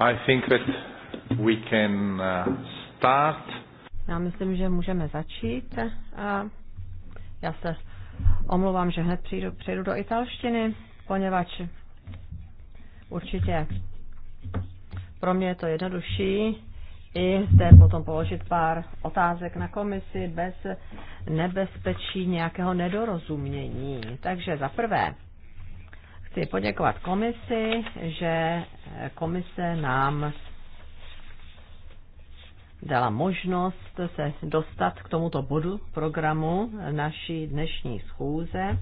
I think that we can uh, start. Já myslím, že můžeme začít. Já se omlouvám, že hned přijdu, přijdu do italštiny, poněvadž určitě pro mě je to jednodušší i zde potom položit pár otázek na komisi bez nebezpečí nějakého nedorozumění. Takže za prvé, chci poděkovat komisi, že komise nám dala možnost se dostat k tomuto bodu programu naší dnešní schůze.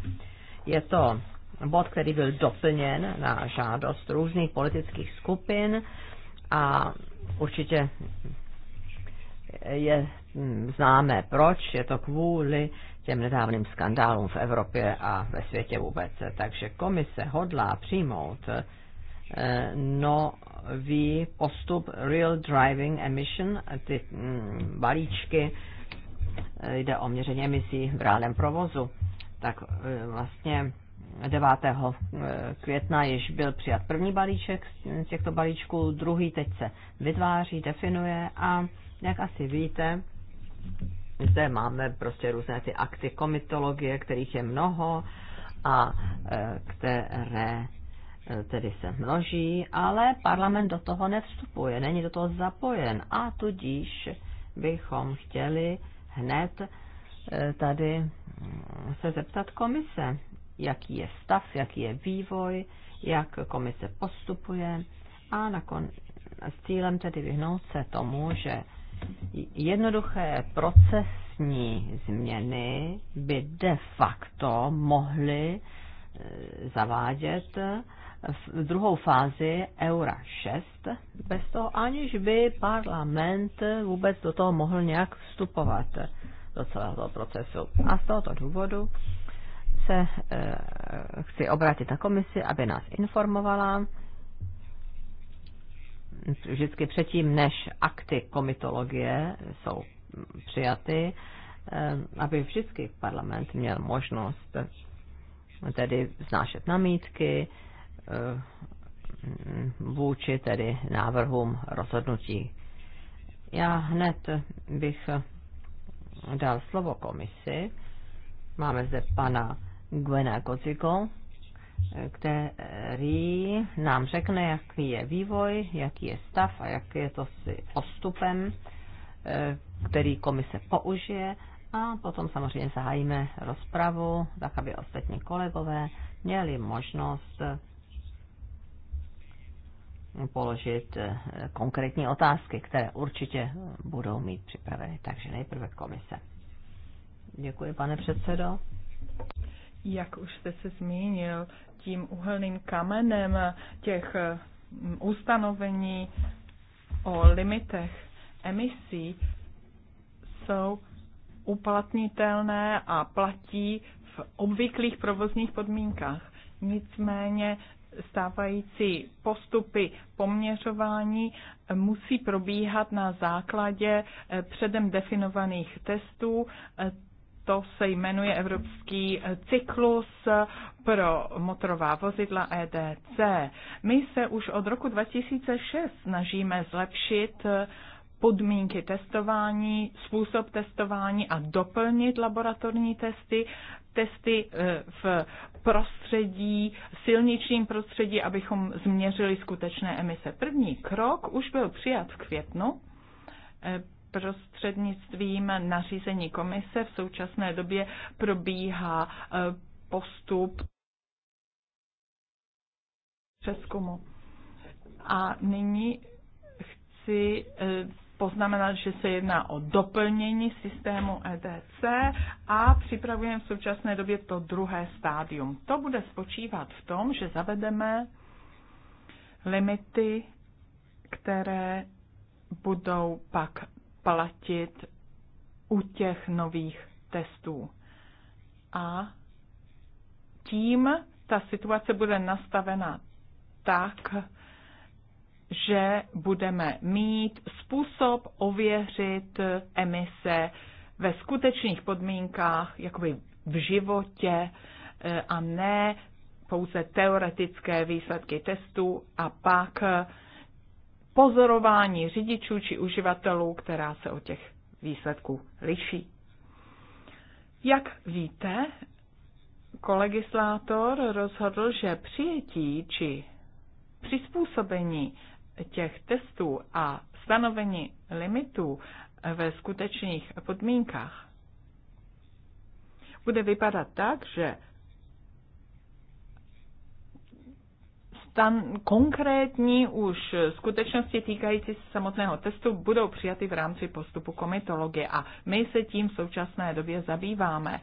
Je to bod, který byl doplněn na žádost různých politických skupin a určitě je známé proč, je to kvůli těm nedávným skandálům v Evropě a ve světě vůbec. Takže komise hodlá přijmout Eh, nový postup Real Driving Emission, ty mm, balíčky, eh, jde o měření emisí v reálném provozu, tak eh, vlastně 9. května již byl přijat první balíček z těchto balíčků, druhý teď se vytváří, definuje a jak asi víte, zde máme prostě různé ty akty komitologie, kterých je mnoho a které E, tedy se množí, ale parlament do toho nevstupuje, není do toho zapojen a tudíž bychom chtěli hned e, tady mm, se zeptat komise, jaký je stav, jaký je vývoj, jak komise postupuje a nakon, s cílem tedy vyhnout se tomu, že jednoduché procesní změny by de facto mohly e, zavádět v druhou fázi Eura 6, bez toho aniž by parlament vůbec do toho mohl nějak vstupovat do celého toho procesu. A z tohoto důvodu se e, chci obrátit na komisi, aby nás informovala vždycky předtím, než akty komitologie jsou přijaty, eh, aby vždycky parlament měl možnost tedy znášet namítky, Eh, vůči tedy návrhům rozhodnutí. Já hned bych dal slovo komisi. Máme zde pana Gwena Koziko, který nám řekne, jaký je vývoj, jaký je stav a jak je to s postupem, eh, který komise použije. A potom samozřejmě zahájíme rozpravu, tak aby ostatní kolegové měli možnost položit eh, konkrétní otázky, které určitě budou mít připraveny. Takže nejprve komise. Děkuji, pane předsedo. Jak už jste se zmínil, tím uhelným kamenem těch mm, ustanovení o limitech emisí jsou uplatnitelné a platí v obvyklých provozních podmínkách. Nicméně stávající postupy poměřování musí probíhat na základě eh, předem definovaných testů. Eh, to se jmenuje Evropský eh, cyklus pro motorová vozidla EDC. My se už od roku 2006 snažíme zlepšit podmínky testování, způsob testování a doplnit laboratorní testy testy eh, v prostředí, silničním prostředí, abychom změřili skutečné emise. První krok už byl přijat v květnu eh, prostřednictvím nařízení komise. V současné době probíhá eh, postup přeskumu. A nyní chci poznamenat, že se jedná o doplnění systému EDC a připravujeme v současné době to druhé stádium. To bude spočívat v tom, že zavedeme limity, které budou pak platit u těch nových testů. A tím ta situace bude nastavena tak, že budeme mít způsob ověřit emise ve skutečných podmínkách, jakoby v životě eh, a ne pouze teoretické výsledky testů a pak eh, pozorování řidičů či uživatelů, která se od těch výsledků liší. Jak víte, kolegislátor rozhodl, že přijetí či přizpůsobení těch testů a stanovení limitů ve skutečných podmínkách bude vypadat tak, že stan- konkrétní už skutečnosti týkající se samotného testu budou přijaty v rámci postupu komitologie a my se tím v současné době zabýváme.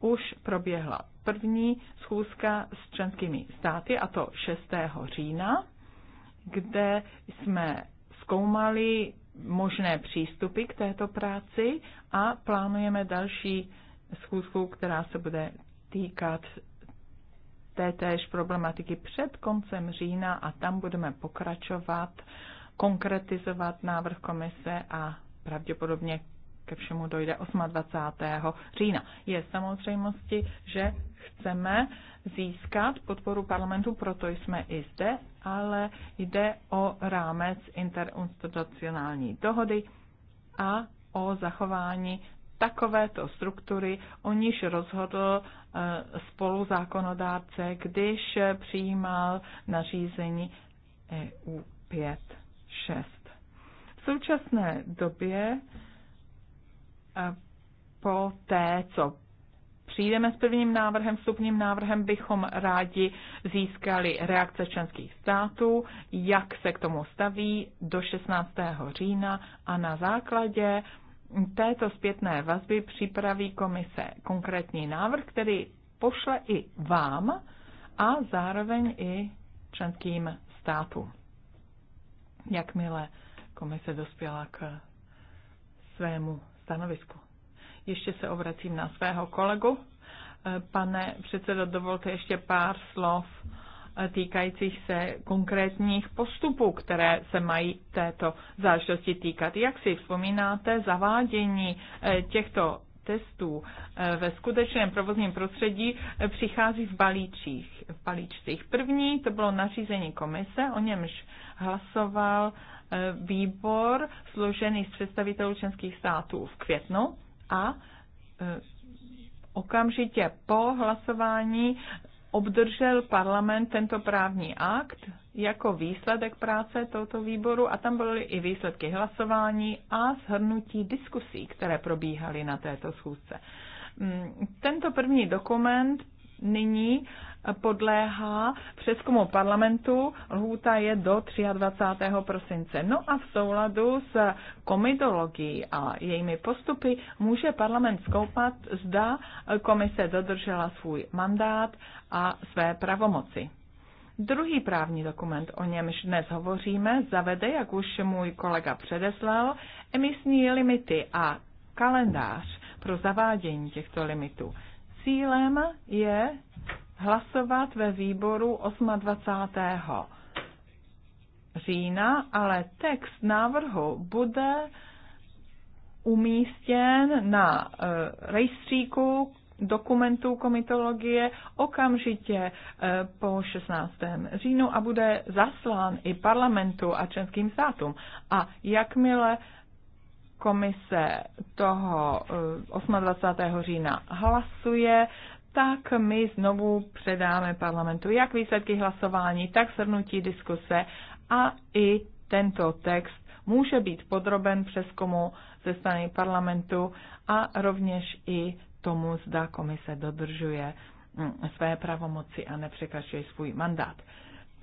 Už proběhla první schůzka s členskými státy, a to 6. října kde jsme zkoumali možné přístupy k této práci a plánujeme další schůzku, která se bude týkat tétéž problematiky před koncem října a tam budeme pokračovat, konkretizovat návrh komise a pravděpodobně ke všemu dojde 28. října. Je samozřejmosti, že chceme získat podporu parlamentu, proto jsme i zde ale jde o rámec interinstitucionální dohody a o zachování takovéto struktury, o níž rozhodl eh, spoluzákonodárce, když přijímal nařízení EU 5.6. V současné době eh, po té, co přijdeme s prvním návrhem, vstupním návrhem, bychom rádi získali reakce členských států, jak se k tomu staví do 16. října a na základě této zpětné vazby připraví komise konkrétní návrh, který pošle i vám a zároveň i členským státům. Jakmile komise dospěla k svému stanovisku. Ještě se obracím na svého kolegu. Pane předsedo, dovolte ještě pár slov týkajících se konkrétních postupů, které se mají této záležitosti týkat. Jak si vzpomínáte, zavádění eh, těchto testů eh, ve skutečném provozním prostředí eh, přichází v balíčích. V balíčcích. První to bylo nařízení komise, o němž hlasoval výbor složený z představitelů členských států v květnu a okamžitě po hlasování obdržel parlament tento právní akt jako výsledek práce tohoto výboru a tam byly i výsledky hlasování a shrnutí diskusí, které probíhaly na této schůzce. Mm, tento první dokument nyní podléhá přeskumu parlamentu. Lhůta je do 23. prosince. No a v souladu s komitologií a jejími postupy může parlament zkoupat, zda komise dodržela svůj mandát a své pravomoci. Druhý právní dokument, o němž dnes hovoříme, zavede, jak už můj kolega předeslal, emisní limity a kalendář pro zavádění těchto limitů. Cílem je hlasovat ve výboru 28. října, ale text návrhu bude umístěn na e, rejstříku dokumentů komitologie okamžitě e, po 16. říjnu a bude zaslán i parlamentu a členským státům. A jakmile komise toho 28. Eh, října hlasuje, tak my znovu předáme parlamentu jak výsledky hlasování, tak shrnutí diskuse a i tento text může být podroben přeskumu ze strany parlamentu a rovněž i tomu, zda komise dodržuje hm, své pravomoci a nepřekračuje svůj mandát.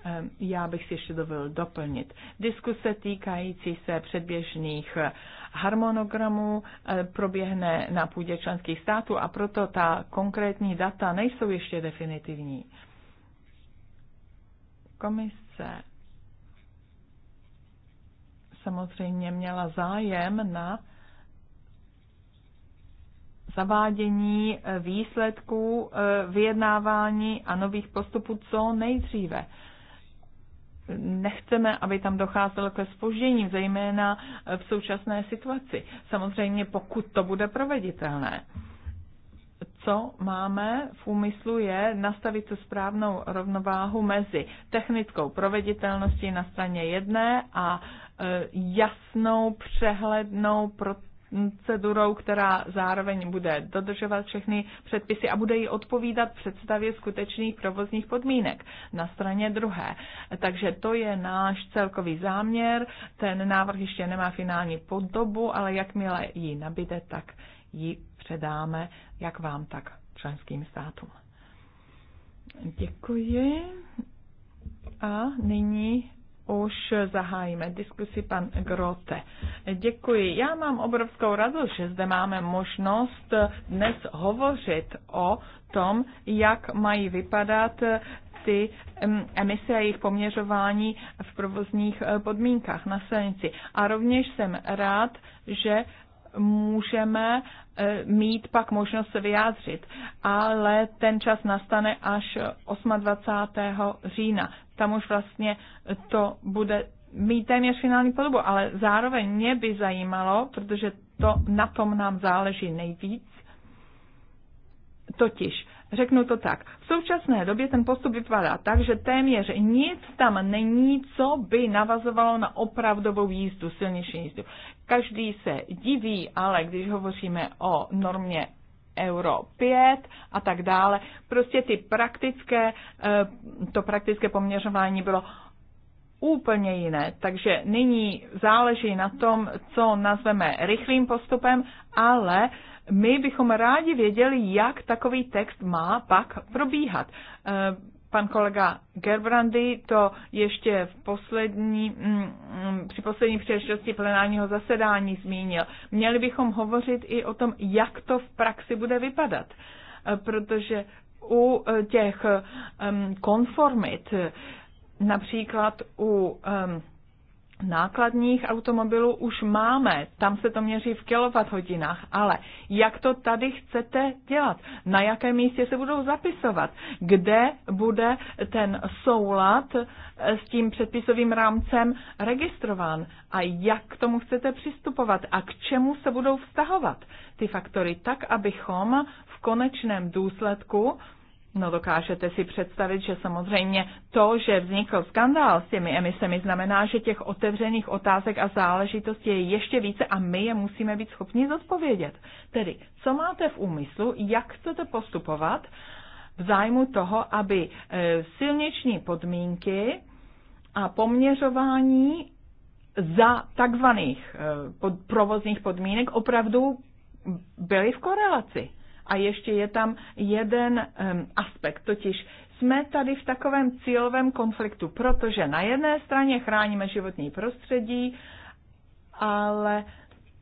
Ehm, já bych si ještě dovolil doplnit. Diskuse týkající se předběžných eh, harmonogramů eh, proběhne na půdě členských států a proto ta konkrétní data nejsou ještě definitivní. Komise samozřejmě měla zájem na zavádění eh, výsledků vyjednávání a nových postupů co nejdříve nechceme, aby tam docházelo ke spoždění, zejména v současné situaci. Samozřejmě, pokud to bude proveditelné. Co máme v úmyslu je nastavit tu správnou rovnováhu mezi technickou proveditelností na straně jedné a e, jasnou, přehlednou, pro procedurou, která zároveň bude dodržovat všechny předpisy a bude ji odpovídat představě skutečných provozních podmínek na straně druhé. Takže to je náš celkový záměr. Ten návrh ještě nemá finální podobu, ale jakmile ji nabíde, tak ji předáme jak vám, tak členským státům. Děkuji. A nyní už zahájíme diskusi pan Grote. Děkuji. Já mám obrovskou radost, že zde máme možnost dnes hovořit o tom, jak mají vypadat ty emise a jejich poměřování v provozních eh, podmínkách na silnici. A rovněž jsem rád, že můžeme eh, mít pak možnost se vyjádřit, ale ten čas nastane až 28. října tam už vlastně to bude mít téměř finální podobu, ale zároveň mě by zajímalo, protože to na tom nám záleží nejvíc, totiž Řeknu to tak. V současné době ten postup vypadá tak, že téměř nic tam není, co by navazovalo na opravdovou jízdu, silnější jízdu. Každý se diví, ale když hovoříme o normě euro 5 a tak dále. Prostě ty praktické, eh, to praktické poměřování bylo úplně jiné. Takže nyní záleží na tom, co nazveme rychlým postupem, ale my bychom rádi věděli, jak takový text má pak probíhat. Eh, pan kolega Gerbrandy to ještě v poslední, mm, mm, při poslední příležitosti plenárního zasedání zmínil. Měli bychom hovořit i o tom, jak to v praxi bude vypadat, eh, protože u eh, těch mm, konformit, eh, například u nákladních automobilů už máme, tam se to měří v kilowatthodinách, ale jak to tady chcete dělat? Na jakém místě se budou zapisovat? Kde bude ten soulad eh, s tím předpisovým rámcem registrován? A jak k tomu chcete přistupovat? A k čemu se budou vztahovat ty faktory? Tak, abychom v konečném důsledku No dokážete si představit, že samozřejmě to, že vznikl skandál s těmi emisemi, znamená, že těch otevřených otázek a záležitostí je ještě více a my je musíme být schopni zodpovědět. Tedy, co máte v úmyslu, jak chcete postupovat v zájmu toho, aby eh, silniční podmínky a poměřování za takzvaných eh, provozních podmínek opravdu byly v korelaci a ještě je tam jeden um, aspekt, totiž jsme tady v takovém cílovém konfliktu, protože na jedné straně chráníme životní prostředí, ale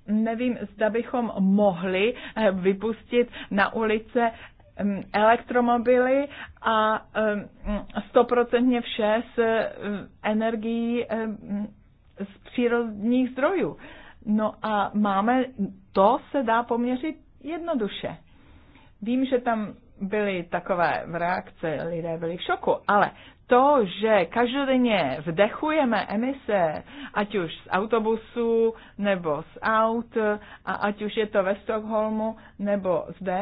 nevím, zda bychom mohli eh, vypustit na ulice elektromobily a stoprocentně vše z eh, energií z přírodních zdrojů. No a máme, to se dá poměřit jednoduše. Vím, že tam byly takové reakce, lidé byli v šoku, ale to, že každodenně vdechujeme emise, ať už z autobusu nebo z aut, a ať už je to ve Stockholmu nebo zde,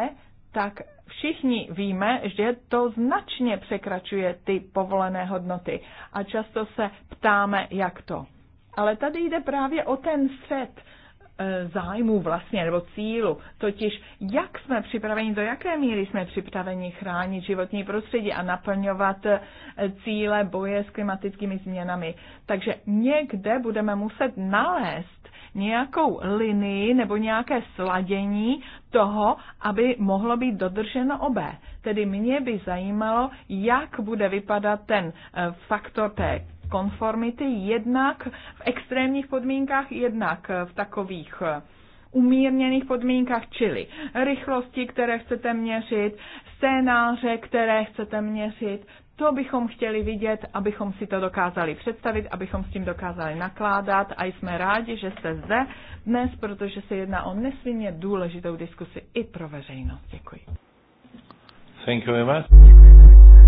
tak všichni víme, že to značně překračuje ty povolené hodnoty. A často se ptáme, jak to. Ale tady jde právě o ten střed E, zájmu vlastně, nebo cílu, totiž jak jsme připraveni, do jaké míry jsme připraveni chránit životní prostředí a naplňovat e, cíle boje s klimatickými změnami. Takže někde budeme muset nalézt nějakou linii nebo nějaké sladění toho, aby mohlo být dodrženo obé. Tedy mě by zajímalo, jak bude vypadat ten e, faktor té konformity, jednak v extrémních podmínkách, jednak v takových eh, umírněných podmínkách, čili rychlosti, které chcete měřit, scénáře, které chcete měřit. To bychom chtěli vidět, abychom si to dokázali představit, abychom s tím dokázali nakládat a jsme rádi, že jste zde dnes, protože se jedná o nesmírně důležitou diskusi i pro veřejnost. Děkuji. Thank you very much.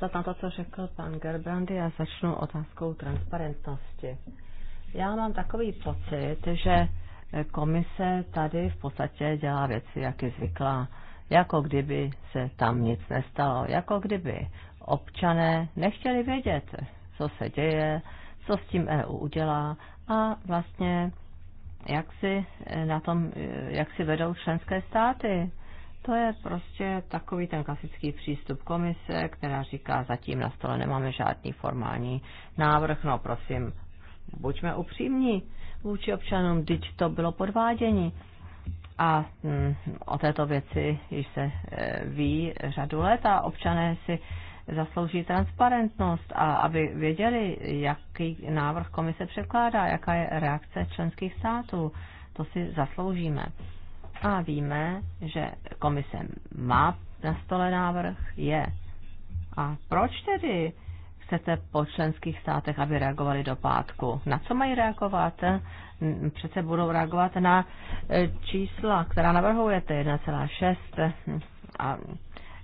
navázat na to, co řekl pan Gerbrandy a začnu otázkou transparentnosti. Já mám takový pocit, že komise tady v podstatě dělá věci, jak je zvyklá. Jako kdyby se tam nic nestalo, jako kdyby občané nechtěli vědět, co se děje, co s tím EU udělá a vlastně jak si na tom, jak si vedou členské státy. To je prostě takový ten klasický přístup komise, která říká, zatím na stole nemáme žádný formální návrh, no prosím, buďme upřímní vůči občanům, když to bylo podvádění. A hm, o této věci již se e, ví řadu let a občané si zaslouží transparentnost a aby věděli, jaký návrh komise překládá, jaká je reakce členských států. To si zasloužíme. A víme, že komise má na stole návrh, je. A proč tedy chcete po členských státech, aby reagovali do pátku? Na co mají reagovat? Přece budou reagovat na e, čísla, která navrhujete, 1,6. A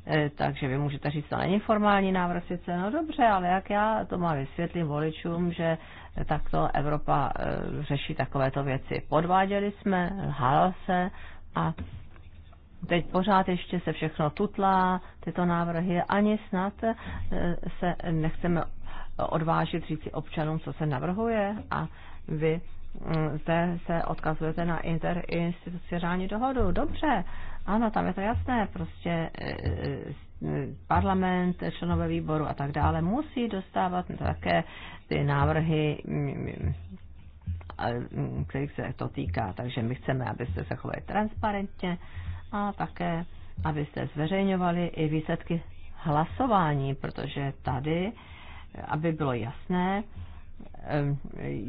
e, takže vy můžete říct, to není formální návrh sice, no dobře, ale jak já to má vysvětlit voličům, že takto Evropa e, řeší takovéto věci. Podváděli jsme, lhal se, a teď pořád ještě se všechno tutlá, tyto návrhy, ani snad eh, se nechceme odvážit říci občanům, co se navrhuje a vy mm, zde se odkazujete na interinstitucionální dohodu. Dobře, ano, tam je to jasné, prostě eh, eh, parlament, členové výboru a tak dále musí dostávat také ty návrhy mm, mm, Mm, kterých se to týká. Takže my chceme, abyste se chovali transparentně a také, abyste zveřejňovali i výsledky hlasování, protože tady, aby bylo jasné,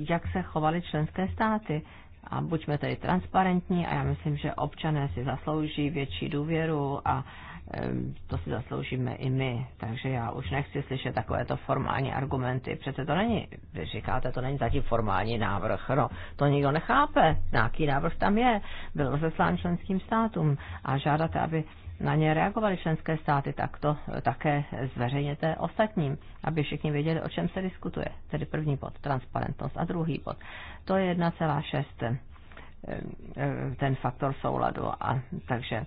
jak se chovaly členské státy. A buďme tedy transparentní a já myslím, že občané si zaslouží větší důvěru a to si zasloužíme i my. Takže já už nechci slyšet takovéto formální argumenty. Přece to není, vy říkáte, to není zatím formální návrh. No, to nikdo nechápe. Nějaký návrh tam je. Byl rozeslán členským státům a žádáte, aby na ně reagovaly členské státy, tak to také zveřejněte ostatním, aby všichni věděli, o čem se diskutuje. Tedy první bod, transparentnost a druhý bod. To je 1,6 ten faktor souladu. A, takže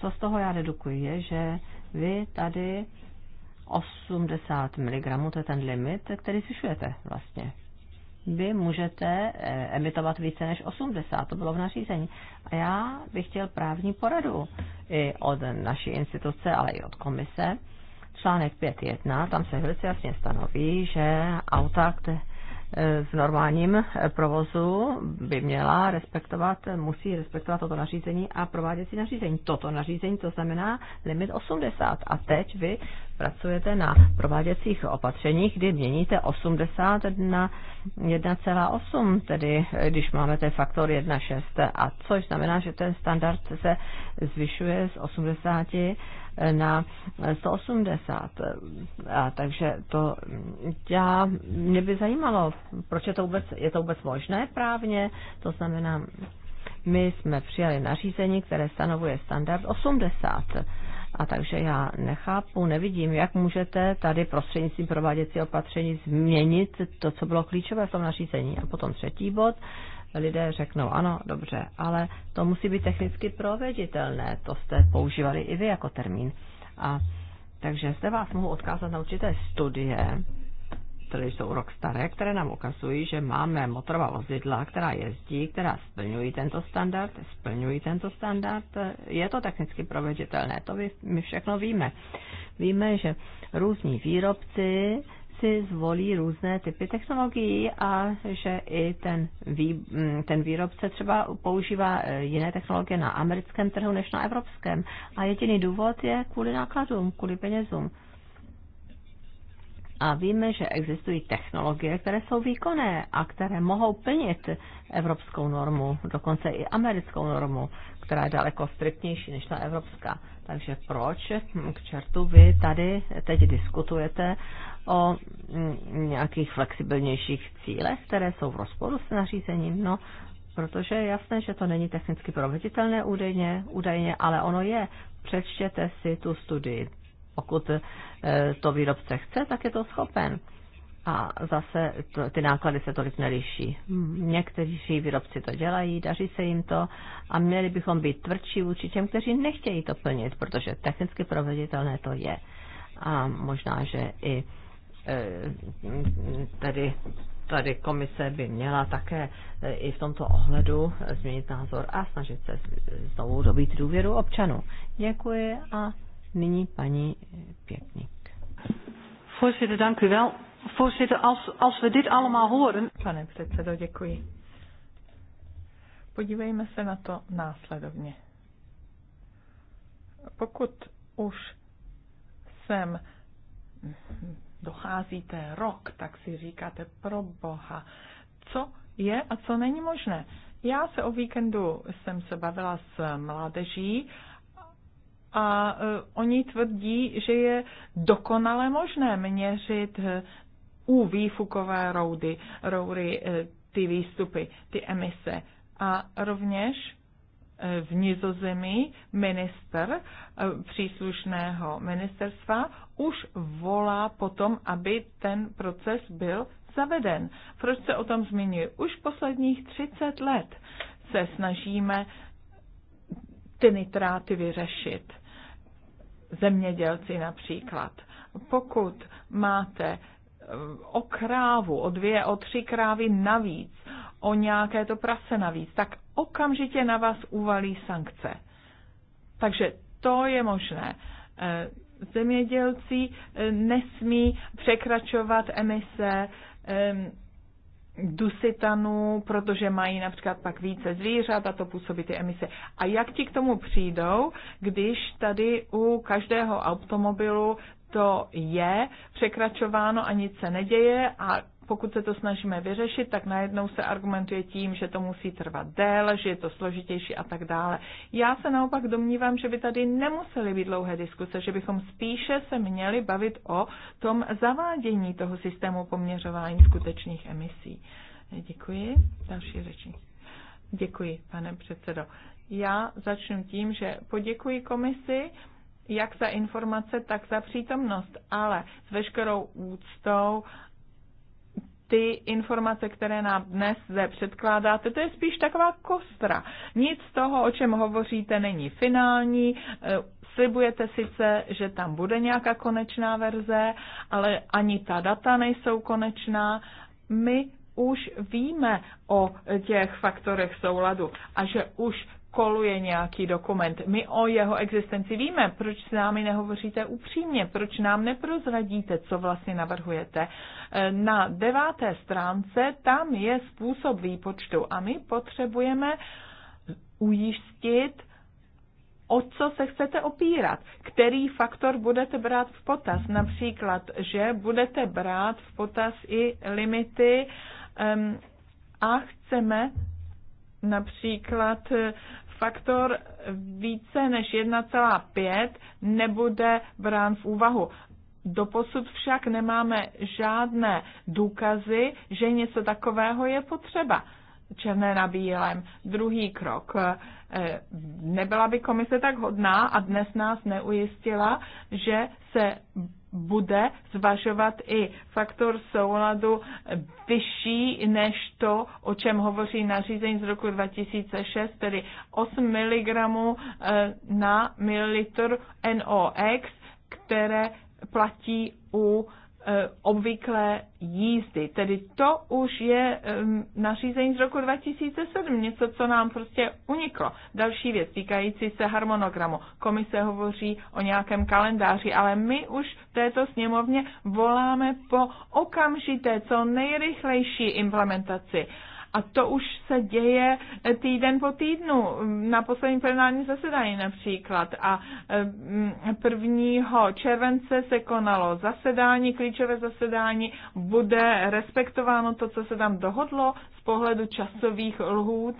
co z toho já dedukuji, je, že vy tady 80 mg, to je ten limit, který zvyšujete vlastně. Vy můžete eh, emitovat více než 80, to bylo v nařízení. A já bych chtěl právní poradu i od naší instituce, ale i od komise. Článek 5.1, tam se velice jasně stanoví, že auta, které v normálním eh, provozu by měla respektovat, musí respektovat toto nařízení a prováděcí nařízení. Toto nařízení to znamená limit 80 a teď vy pracujete na prováděcích opatřeních, kdy měníte 80 na 1,8, tedy když máme ten faktor 1,6, a což znamená, že ten standard se zvyšuje z 80 na 180. A takže to já, mě by zajímalo, proč je to vůbec, je to vůbec možné právně, to znamená, my jsme přijali nařízení, které stanovuje standard 80 a takže já nechápu, nevidím, jak můžete tady prostřednictvím prováděcí opatření změnit to, co bylo klíčové v tom nařízení. A potom třetí bod, lidé řeknou, ano, dobře, ale to musí být technicky proveditelné, to jste používali i vy jako termín. A takže zde vás mohu odkázat na určité studie, které jsou rok staré, které nám ukazují, že máme motorová vozidla, která jezdí, která splňují tento standard, splňují tento standard. Je to technicky proveditelné, to my všechno víme. Víme, že různí výrobci si zvolí různé typy technologií a že i ten, vý, mm, ten výrobce třeba používá e, jiné technologie na americkém trhu než na evropském. A jediný důvod je kvůli nákladům, kvůli penězům. A víme, že existují technologie, které jsou výkonné a které mohou plnit evropskou normu, dokonce i americkou normu, která je daleko striktnější než ta evropská. Takže proč hm, k čertu vy tady teď diskutujete o hm, nějakých flexibilnějších cílech, které jsou v rozporu s nařízením? No, protože je jasné, že to není technicky proveditelné údajně, údajně, ale ono je. Přečtěte si tu studii pokud eh, to výrobce chce, tak je to schopen. A zase ty náklady se tolik neliší. Někteří výrobci to dělají, daří se jim to a měli bychom být tvrdší vůči těm, kteří nechtějí to plnit, protože technicky proveditelné to je. A možná, že i eh, tedy tady komise by měla také eh, i v tomto ohledu změnit názor a snažit se znovu dobít důvěru občanů. Děkuji a Nyní paní Pěkník. Voorzitter, dank u wel. Voorzitter, als, als we dit allemaal horen... Pane předsedo, děkuji. Podívejme se na to následovně. Pokud už sem docházíte rok, tak si říkáte pro boha, co je a co není možné. Já se o víkendu jsem se bavila s mládeží a e, oni tvrdí, že je dokonale možné měřit e, u výfukové roudy, roury e, ty výstupy, ty emise. A rovněž v Nizozemí minister příslušného ministerstva už volá potom, aby ten proces byl zaveden. Proč se o tom zmiňuji? Už posledních 30 let se snažíme ty nitráty vyřešit zemědělci například. Pokud máte eh, o krávu, o dvě, o tři krávy navíc, o nějaké to prase navíc, tak okamžitě na vás uvalí sankce. Takže to je možné. Eh, zemědělci eh, nesmí překračovat emise dusitanů, protože mají například pak více zvířat a to působí ty emise. A jak ti k tomu přijdou, když tady u každého automobilu to je překračováno a nic se neděje a pokud se to snažíme vyřešit, tak najednou se argumentuje tím, že to musí trvat déle, že je to složitější a tak dále. Já se naopak domnívám, že by tady nemusely být dlouhé diskuse, že bychom spíše se měli bavit o tom zavádění toho systému poměřování skutečných emisí. Děkuji. Další řeči. Děkuji, pane předsedo. Já začnu tím, že poděkuji komisi jak za informace, tak za přítomnost, ale s veškerou úctou uh, ty informace, které nám dnes zde předkládáte, to je spíš taková kostra. Nic z toho, o čem hovoříte, není finální. E, slibujete sice, že tam bude nějaká konečná verze, ale ani ta data nejsou konečná. My už víme o těch faktorech souladu a že už koluje nějaký dokument. My o jeho existenci víme, proč s námi nehovoříte upřímně, proč nám neprozradíte, co vlastně navrhujete. E, na deváté stránce tam je způsob výpočtu a my potřebujeme ujistit, o co se chcete opírat, který faktor budete brát v potaz. Například, že budete brát v potaz i limity um, a chceme například faktor více než 1,5 nebude brán v úvahu. Doposud však nemáme žádné důkazy, že něco takového je potřeba. Černé na bílém. Druhý krok. Eh, nebyla by komise tak hodná a dnes nás neujistila, že se bude zvažovat i faktor souladu vyšší než to, o čem hovoří nařízení z roku 2006, tedy 8 mg eh, na mililitr NOx, které platí u Eh, obvyklé jízdy. Tedy to už je nařízení z roku 2007, něco, co nám prostě uniklo. Další věc týkající se harmonogramu. Komise hovoří o nějakém kalendáři, ale my už v této sněmovně voláme po okamžité, co nejrychlejší implementaci. Uh, a to už se děje eh, týden po týdnu, mm, na posledním plenárním zasedání například. A 1. Eh, mm, července se konalo zasedání, klíčové zasedání, bude respektováno to, co se tam dohodlo z pohledu časových lhůt,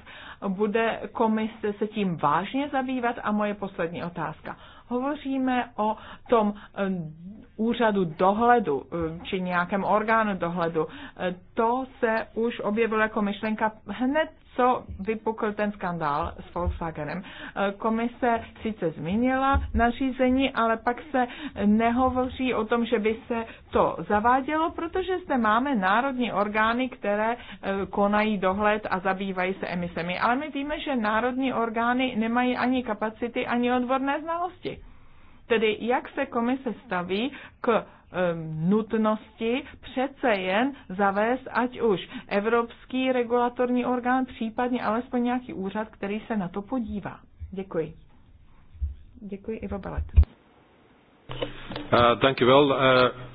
bude komise se tím vážně zabývat a moje poslední otázka. Hovoříme o tom eh, úřadu dohledu eh, či nějakém orgánu dohledu. Eh, to se už objevilo jako myšlenka hned co vypukl ten skandál s Volkswagenem. E, komise sice zmínila nařízení, ale pak se nehovoří o tom, že by se to zavádělo, protože zde máme národní orgány, které e, konají dohled a zabývají se emisemi. Ale my víme, že národní orgány nemají ani kapacity, ani odborné znalosti. Tedy jak se komise staví k Um, nutnosti přece jen zavést ať už evropský regulatorní orgán, případně alespoň nějaký úřad, který se na to podívá. Děkuji. Děkuji, Ivo Balet. Uh, thank you well. Uh...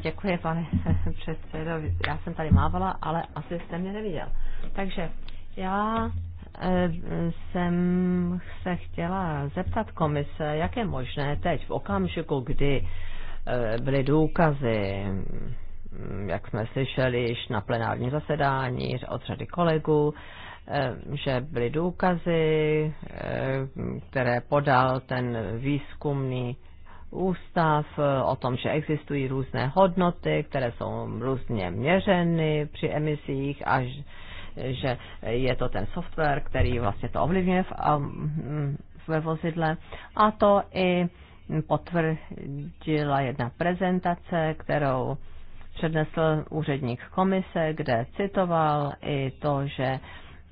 děkuji, pane předsedo. Já jsem tady mávala, ale asi jste mě neviděl. Takže já eh, jsem se chtěla zeptat komise, jak je možné teď, v okamžiku, kdy eh, byly důkazy, hm, jak jsme slyšeli již na plenární zasedání od řady kolegů, eh, že byly důkazy, které podal ten výzkumný ústav, eh, o tom, že existují různé hodnoty, které jsou různě měřeny při emisích a že je to ten software, který vlastně to ovlivňuje mm, ve vozidle. A to i potvrdila jedna prezentace, kterou přednesl úředník komise, kde citoval i to, že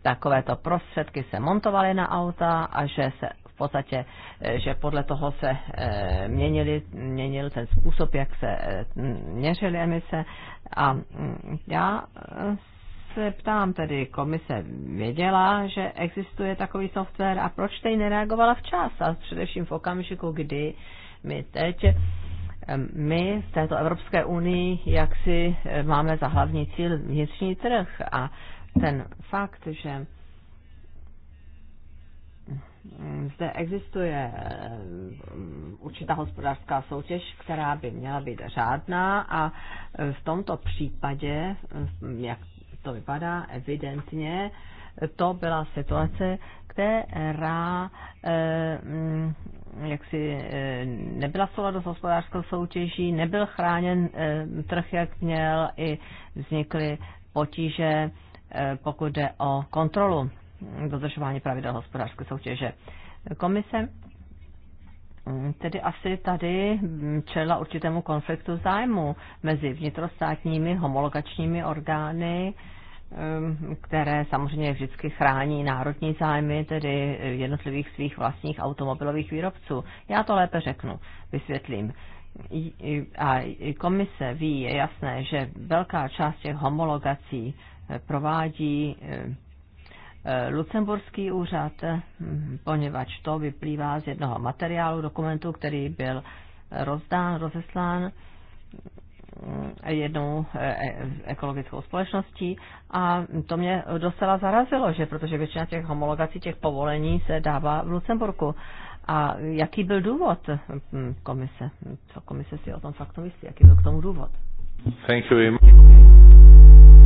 takovéto prostředky se montovaly na auta a že se podstatě, eh, že podle toho se eh, měnili, měnil ten způsob, jak se eh, měřily emise. A mm, já se ptám tedy, komise věděla, že existuje takový software a proč tady nereagovala včas a především v okamžiku, kdy my teď my v této Evropské unii jak si máme za hlavní cíl vnitřní trh a ten fakt, že zde existuje eh, určitá hospodářská soutěž, která by měla být řádná a eh, v tomto případě, eh, jak to vypadá evidentně, to byla situace, která mm, jaksi nebyla v souladu s hospodářskou soutěží, nebyl chráněn trh, jak měl, i vznikly potíže, pokud jde o kontrolu dodržování pravidel hospodářské soutěže. Komise mm, tedy asi tady mm, čela určitému konfliktu zájmu mezi vnitrostátními homologačními orgány, mm, které samozřejmě vždycky chrání národní zájmy, tedy jednotlivých svých vlastních automobilových výrobců. Já to lépe řeknu, vysvětlím. A komise ví, je jasné, že velká část těch homologací eh, provádí eh, Eh, Lucemburský úřad, eh, poněvadž to vyplývá z jednoho materiálu, dokumentu, který byl rozdán, rozeslán eh, jednou ekologickou společností a to mě docela zarazilo, že protože většina těch homologací, těch povolení se dává v Lucemburku. A jaký byl důvod hm, komise? Co komise si o tom faktu myslí? Jaký byl k tomu důvod? Thank you.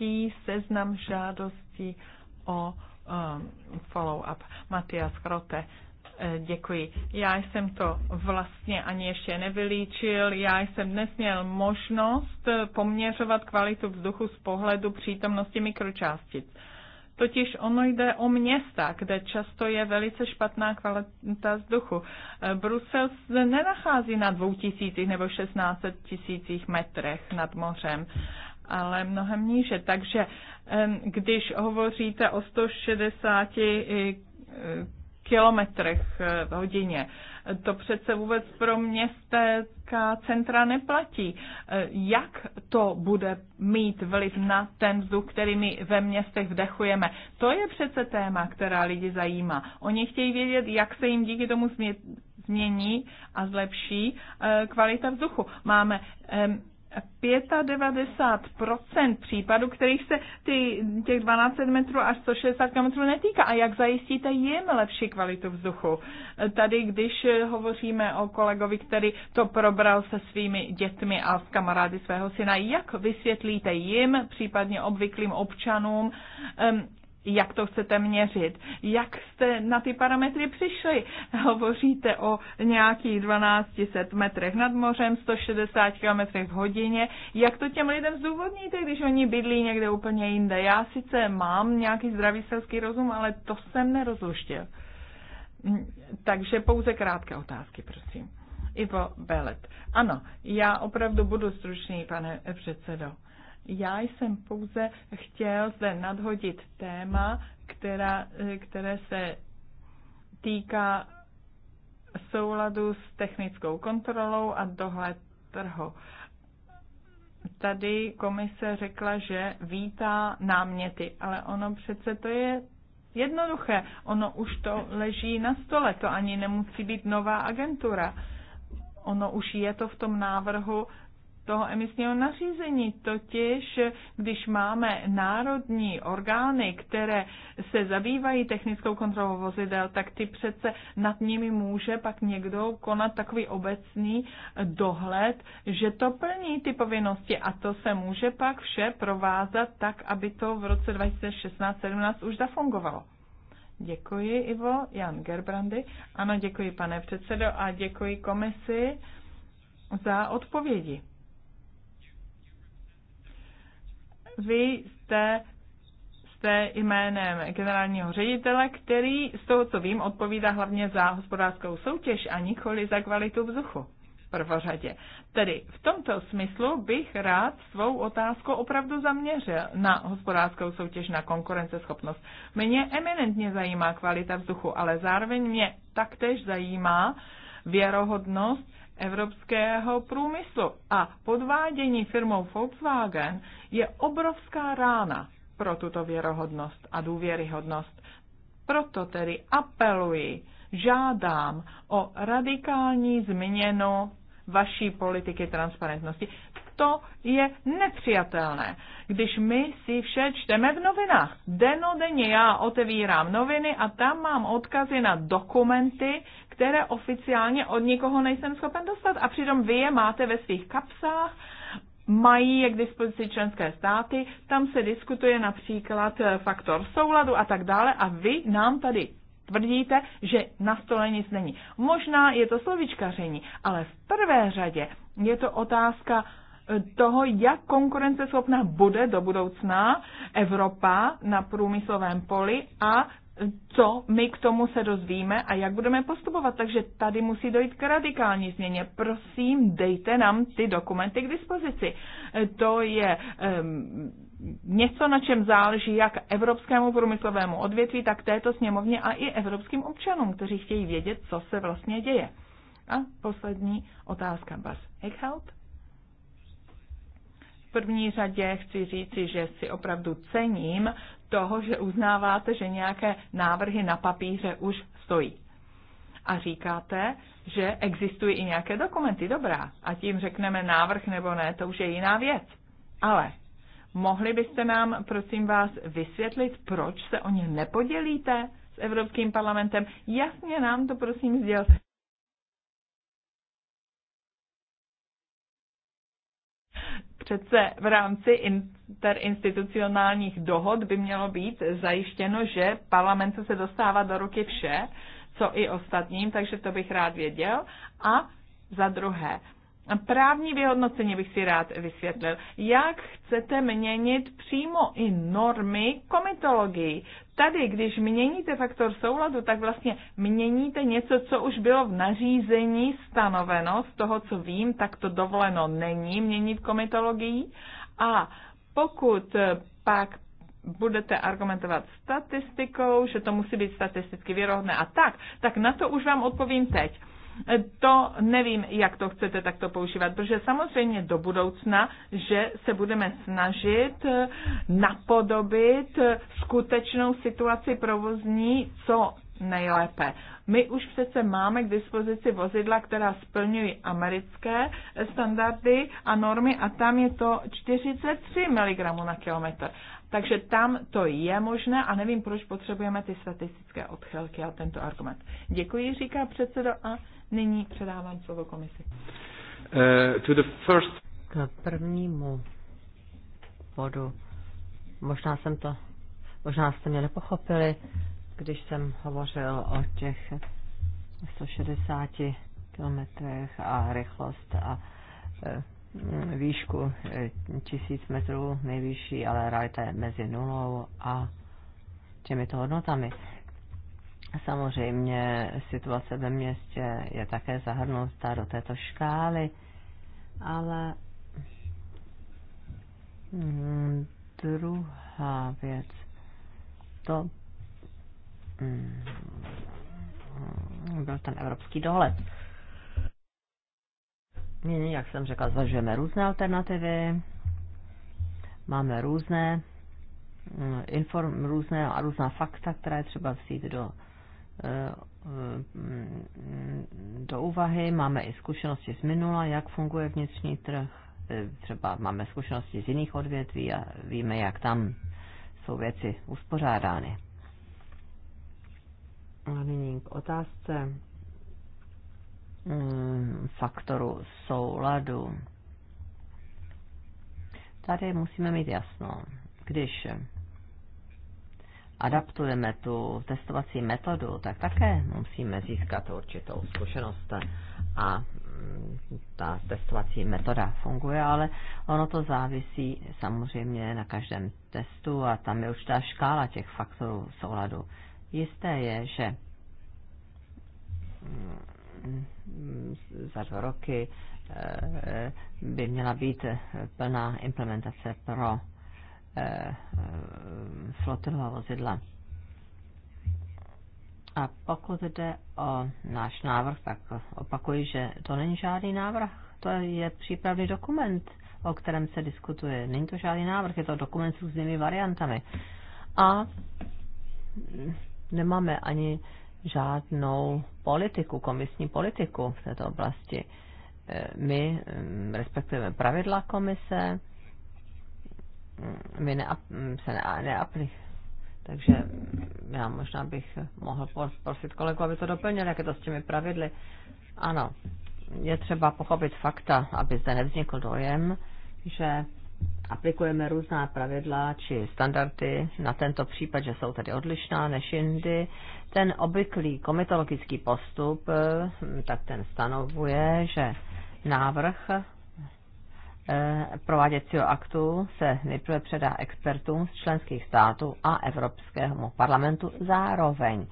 obrovský seznam žádostí o um, follow-up. Matias Krote, eh, Děkuji. Já jsem to vlastně ani ještě nevylíčil. Já jsem dnes měl možnost poměřovat kvalitu vzduchu z pohledu přítomnosti mikročástic. Totiž ono jde o města, kde často je velice špatná kvalita vzduchu. Eh, Brusel se nenachází na 2000 nebo 16 tisících metrech nad mořem ale mnohem níže. Takže když hovoříte o 160 e, kilometrech e, v hodině. To přece vůbec pro městská centra neplatí. E, jak to bude mít vliv na ten vzduch, který my ve městech vdechujeme? To je přece téma, která lidi zajímá. Oni chtějí vědět, jak se jim díky tomu změní a zlepší kvalita vzduchu. Máme 95% případů, kterých se ty, těch 12 metrů až 160 km netýká. A jak zajistíte jim lepší kvalitu vzduchu? Tady, když hovoříme o kolegovi, který to probral se svými dětmi a s kamarády svého syna, jak vysvětlíte jim, případně obvyklým občanům, jak to chcete měřit, jak jste na ty parametry přišli. Hovoříte o nějakých 1200 metrech nad mořem, 160 km v hodině. Jak to těm lidem zdůvodníte, když oni bydlí někde úplně jinde? Já sice mám nějaký zdravý selský rozum, ale to jsem nerozluštil. Mm, takže pouze krátké otázky, prosím. Ivo Belet. Ano, já opravdu budu stručný, pane předsedo. Já jsem pouze chtěl zde nadhodit téma, která, eh, které se týká souladu s technickou kontrolou a dohled trhu. Tady komise řekla, že vítá náměty, ale ono přece to je jednoduché. Ono už to leží na stole, to ani nemusí být nová agentura. Ono už je to v tom návrhu toho emisního nařízení. Totiž, když máme národní orgány, které se zabývají technickou kontrolou vozidel, tak ty přece nad nimi může pak někdo konat takový obecný dohled, že to plní ty povinnosti a to se může pak vše provázat tak, aby to v roce 2016-17 už zafungovalo. Děkuji, Ivo, Jan Gerbrandy. Ano, děkuji, pane předsedo, a děkuji komisi za odpovědi. Vy jste, jste jménem generálního ředitele, který z toho, co vím, odpovídá hlavně za hospodářskou soutěž a nikoli za kvalitu vzduchu prvořadě. Tedy v tomto smyslu bych rád svou otázku opravdu zaměřil na hospodářskou soutěž, na konkurenceschopnost. Mě eminentně zajímá kvalita vzduchu, ale zároveň mě taktéž zajímá věrohodnost evropského průmyslu a podvádění firmou Volkswagen je obrovská rána pro tuto věrohodnost a důvěryhodnost. Proto tedy apeluji, žádám o radikální změnu vaší politiky transparentnosti. To je nepřijatelné, když my si vše čteme v novinách. Denodenně já otevírám noviny a tam mám odkazy na dokumenty, které oficiálně od nikoho nejsem schopen dostat a přitom vy je máte ve svých kapsách mají jak k dispozici členské státy, tam se diskutuje například eh, faktor souladu a tak dále a vy nám tady tvrdíte, že na stole nic není. Možná je to slovičkaření, ale v prvé řadě je to otázka eh, toho, jak konkurenceschopná bude do budoucna Evropa na průmyslovém poli a co my k tomu se dozvíme a jak budeme postupovat. Takže tady musí dojít k radikální změně. Prosím, dejte nám ty dokumenty k dispozici. To je um, něco, na čem záleží jak evropskému průmyslovému odvětví, tak této sněmovně a i evropským občanům, kteří chtějí vědět, co se vlastně děje. A poslední otázka, Bas Eichhout první řadě chci říci, že si opravdu cením toho, že uznáváte, že nějaké návrhy na papíře už stojí. A říkáte, že existují i nějaké dokumenty, dobrá. A tím řekneme návrh nebo ne, to už je jiná věc. Ale mohli byste nám, prosím vás, vysvětlit, proč se o ně nepodělíte s Evropským parlamentem? Jasně nám to, prosím, sdělte. Přece v rámci interinstitucionálních dohod by mělo být zajištěno, že parlamentu se dostává do ruky vše, co i ostatním, takže to bych rád věděl. A za druhé, Právní vyhodnocení bych si rád vysvětlil. Jak chcete měnit přímo i normy komitologii? Tady, když měníte faktor souladu, tak vlastně měníte něco, co už bylo v nařízení stanoveno, z toho, co vím, tak to dovoleno není měnit komitologii. A pokud pak budete argumentovat statistikou, že to musí být statisticky věrohodné a tak, tak na to už vám odpovím teď to nevím, jak to chcete takto používat, protože samozřejmě do budoucna, že se budeme snažit napodobit skutečnou situaci provozní, co nejlépe. My už přece máme k dispozici vozidla, která splňují americké standardy a normy a tam je to 43 mg na kilometr. Takže tam to je možné a nevím, proč potřebujeme ty statistické odchylky a tento argument. Děkuji, říká předsedo a nyní předávám slovo komisi. Uh, first... K prvnímu bodu. Možná jsem to, možná jste mě nepochopili když jsem hovořil o těch 160 kilometrech a rychlost a e, výšku 1000 e, metrů nejvyšší, ale realita je mezi nulou a těmito hodnotami. Samozřejmě situace ve městě je také zahrnutá do této škály, ale mm, druhá věc, to Mm. byl ten evropský dohled. Nyní, jak jsem řekla, zvažujeme různé alternativy, máme různé mm, inform, různé a různá fakta, která je třeba vzít do, eh, do úvahy. Máme i zkušenosti z minula, jak funguje vnitřní trh. Eh, třeba máme zkušenosti z jiných odvětví a víme, jak tam jsou věci uspořádány. A nyní k otázce mm, faktoru souladu. Tady musíme mít jasno, když adaptujeme tu testovací metodu, tak také musíme získat určitou zkušenost. A mm, ta testovací metoda funguje, ale ono to závisí samozřejmě na každém testu a tam je už ta škála těch faktorů souladu. Jisté je, že mm, za dva roky eh, by měla být plná implementace pro eh, flotilová vozidla. A pokud jde o náš návrh, tak opakuji, že to není žádný návrh, to je přípravný dokument, o kterém se diskutuje. Není to žádný návrh, je to dokument s různými variantami. A nemáme ani žádnou politiku, komisní politiku v této oblasti. Eh, my mm, respektujeme pravidla komise, mm, my neap, mm, se ne, neapli. Takže já možná bych mohl prosit kolegu, aby to doplnil, jak je to s těmi pravidly. Ano, je třeba pochopit fakta, aby zde nevznikl dojem, že aplikujeme různá pravidla či standardy, na tento případ, že jsou tedy odlišná než jindy. Ten obvyklý komitologický postup, eh, tak ten stanovuje, že návrh eh, prováděcího aktu se nejprve předá expertům z členských států a Evropskému parlamentu zároveň.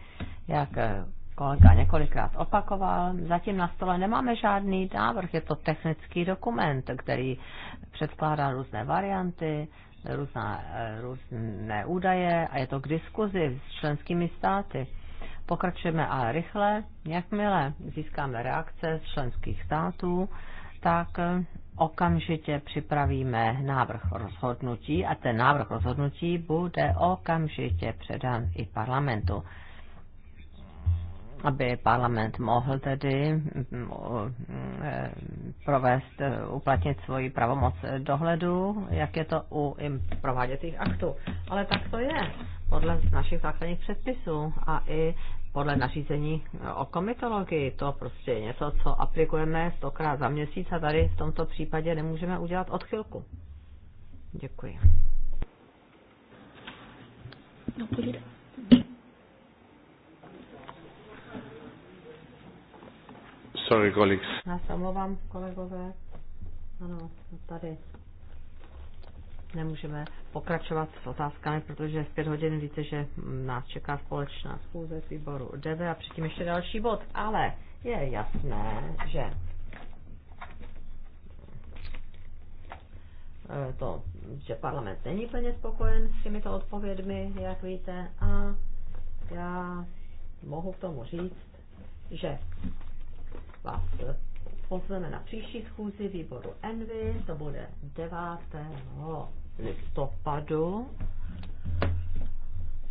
Jak eh, kolega několikrát opakoval, zatím na stole nemáme žádný návrh, je to technický dokument, který předkládá různé varianty, různá, eh, různé údaje a je to k diskuzi s členskými státy. Pokračujeme ale rychle, jakmile získáme reakce z členských států, tak eh, okamžitě připravíme návrh rozhodnutí a ten návrh rozhodnutí bude okamžitě předán i parlamentu aby parlament mohl tedy mm, mm, eh, provést, eh, uplatnit svoji pravomoc dohledu, jak je to u prováděcích aktů. Ale tak to je podle našich základních předpisů a i podle nařízení o komitologii. To prostě je něco, co aplikujeme stokrát za měsíc a tady v tomto případě nemůžeme udělat odchylku. Děkuji. No, Sorry, colleagues. Já se omlouvám, kolegové. Ano, tady nemůžeme pokračovat s otázkami, protože v pět hodin víte, že nás čeká společná schůze z výboru DV a předtím ještě další bod, ale je jasné, že eh, to, že parlament není plně spokojen s těmito odpovědmi, jak víte, a já mohu k tomu říct, že vás pozveme na příští schůzi výboru Envy, to bude 9. listopadu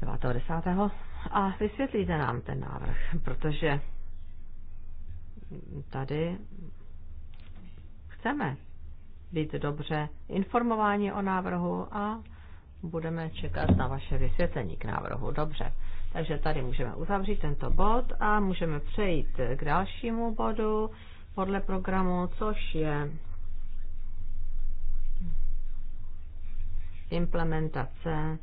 9. 10. a vysvětlíte nám ten návrh, protože tady chceme být dobře informováni o návrhu a budeme čekat na vaše vysvětlení k návrhu. Dobře. Takže tady můžeme uzavřít tento bod a můžeme přejít k dalšímu bodu podle programu, což je implementace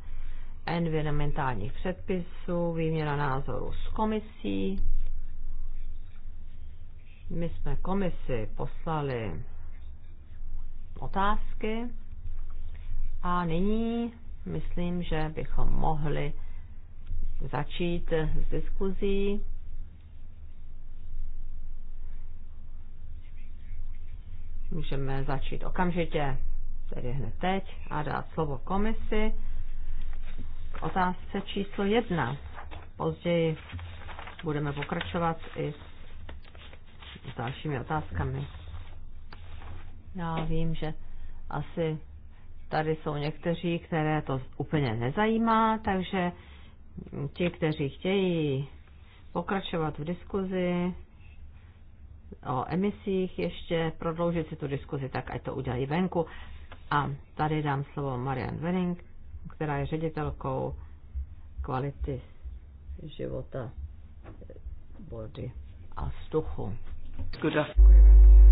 environmentálních předpisů, výměna názorů s komisí. My jsme komisi poslali otázky a nyní myslím, že bychom mohli začít s diskuzí. Můžeme začít okamžitě, tedy hned teď, a dát slovo komisi k otázce číslo jedna. Později budeme pokračovat i s dalšími otázkami. Já vím, že asi tady jsou někteří, které to úplně nezajímá, takže ti, kteří chtějí pokračovat v diskuzi o emisích ještě, prodloužit si tu diskuzi tak, ať to udělají venku. A tady dám slovo Marian Wenning, která je ředitelkou kvality života, vody a vzduchu. Good afternoon.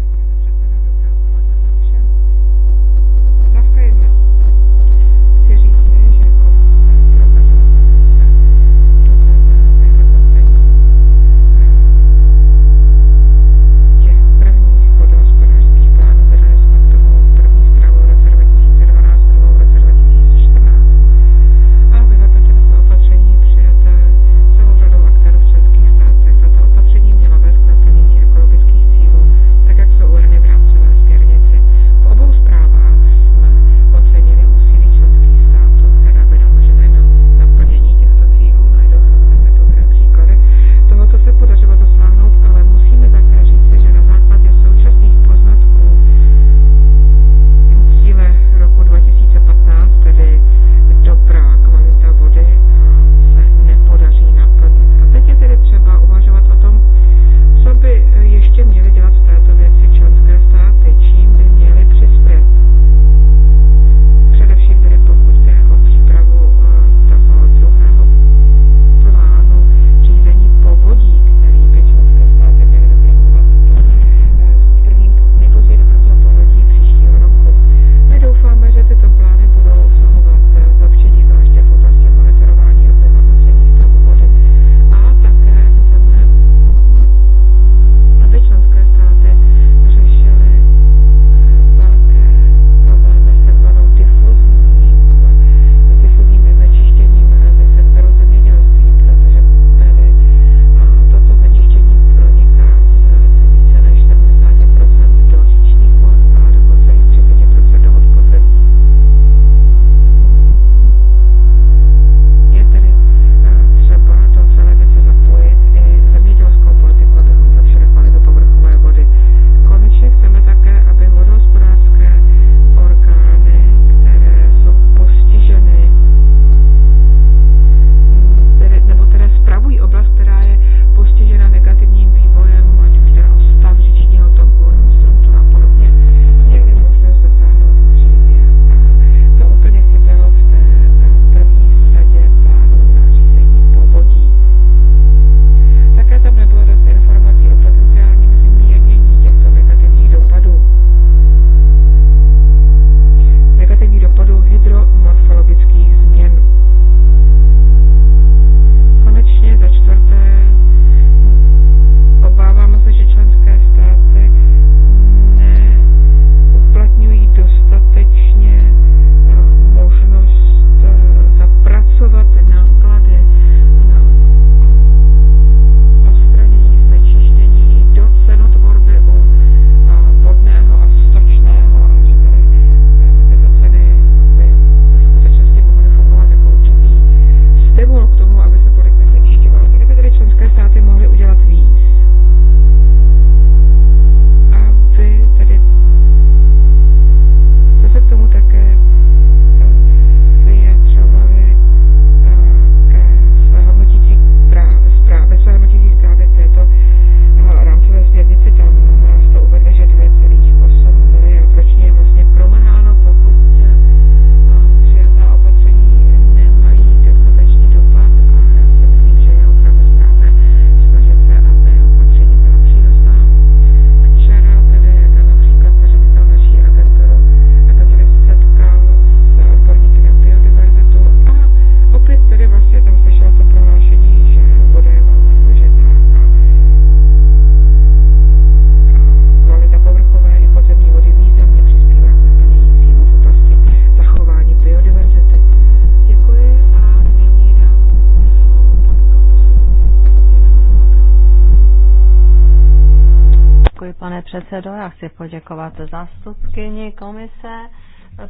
předsedo. Já chci poděkovat zástupkyni komise,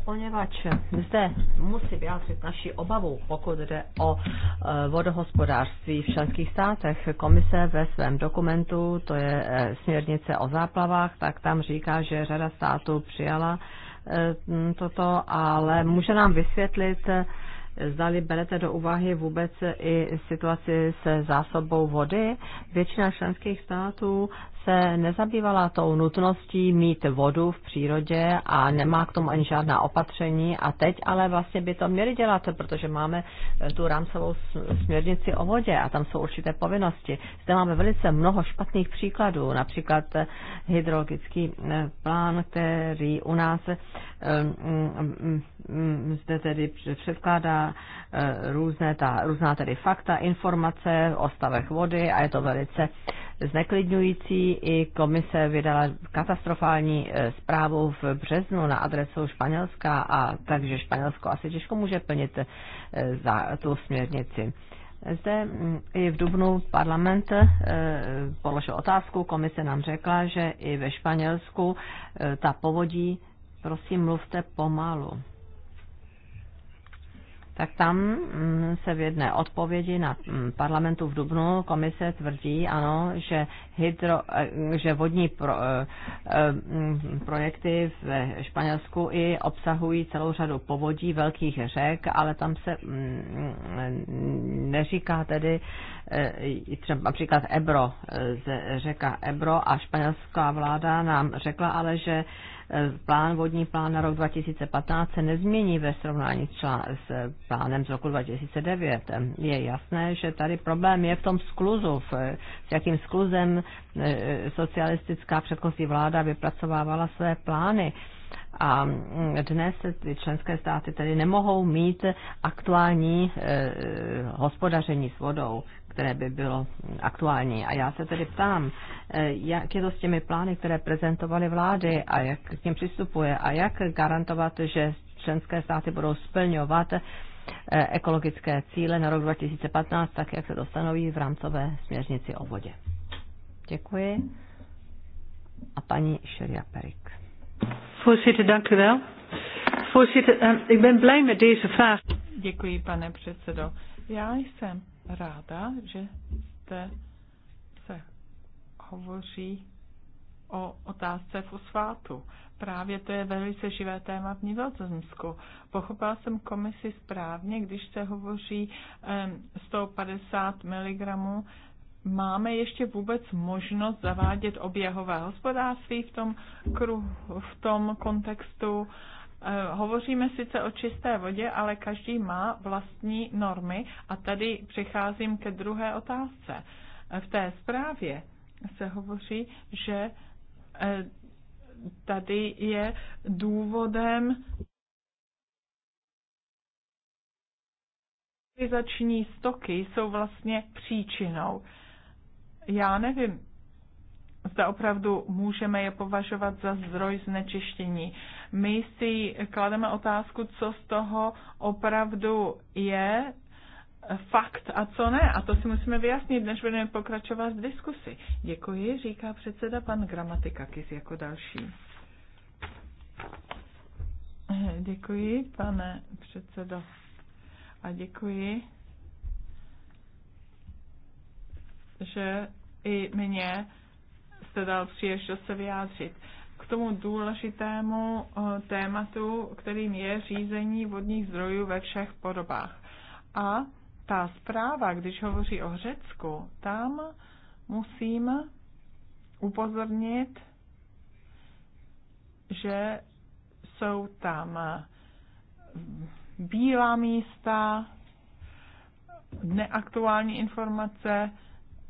poněvadž zde musí vyjádřit naši obavu, pokud jde o eh, vodohospodářství v členských státech. Komise ve svém dokumentu, to je eh, směrnice o záplavách, tak tam říká, že řada států přijala eh, toto, ale může nám vysvětlit, Zdali berete do úvahy vůbec i situaci se zásobou vody. Většina členských států se nezabývala tou nutností mít vodu v přírodě a nemá k tomu ani žádná opatření a teď ale vlastně by to měli dělat, protože máme eh, tu rámcovou směrnici o vodě a tam jsou určité povinnosti. Zde máme velice mnoho špatných příkladů, například eh, hydrologický eh, plán, který u nás mm, mm, mm, zde tedy předkládá různé ta, různá tedy fakta, informace o stavech vody a je to velice zneklidňující. I komise vydala katastrofální eh, zprávu v březnu na adresu Španělska a takže Španělsko asi těžko může plnit eh, za tu směrnici. Zde mm, i v Dubnu parlament eh, položil otázku, komise nám řekla, že i ve Španělsku ta povodí, prosím mluvte pomalu tak tam mm, se v jedné odpovědi na mm, parlamentu v Dubnu komise tvrdí, ano, že, hydro, eh, že vodní pro, eh, eh, mm, projekty ve Španělsku i obsahují celou řadu povodí velkých řek, ale tam se neříká tedy třeba například Ebro, řeka Ebro a španělská vláda nám řekla ale, že plán, vodní plán na rok 2015 se nezmění ve srovnání s, člán, s plánem z roku 2009. Je jasné, že tady problém je v tom skluzu, v, s jakým skluzem e, e, socialistická předchozí vláda vypracovávala své plány a dnes ty členské státy tedy nemohou mít aktuální eh, hospodaření s vodou, které by bylo aktuální. A já se tedy ptám, e, jak je to s těmi plány, které prezentovaly vlády a jak k něm přistupuje a jak garantovat, že členské státy budou splňovat e, ekologické cíle na rok 2015, tak jak se dostanoví v rámcové směrnici o vodě. Děkuji. A paní Šeria Perik. Voorzitter, dank u wel. Voorzitter, ehm, ik ben blij met deze vraag. Děkuji, pane předsedo. Já jsem ráda, že jste se hovoří o otázce fosfátu. Právě to je velice živé téma v Nivozemsku. Pochopila jsem komisi správně, když se hovoří 150 ehm, mg máme ještě vůbec možnost zavádět oběhové hospodářství v tom, kruhu, v tom kontextu. Eh, hovoříme sice o čisté vodě, ale každý má vlastní normy a tady přicházím ke druhé otázce. Eh, v té zprávě se hovoří, že eh, tady je důvodem stoky jsou vlastně příčinou já nevím, zda opravdu můžeme je považovat za zdroj znečištění. My si klademe otázku, co z toho opravdu je eh, fakt a co ne. A to si musíme vyjasnit, než budeme pokračovat v diskusi. Děkuji, říká předseda pan Kis jako další. Eh, děkuji, pane předsedo. A děkuji že i mě jste dal příležitost se vyjádřit k tomu důležitému eh, tématu, kterým je řízení vodních zdrojů ve všech podobách. A ta zpráva, když hovoří o Řecku, tam musím upozornit, že jsou tam eh, bílá místa, neaktuální informace,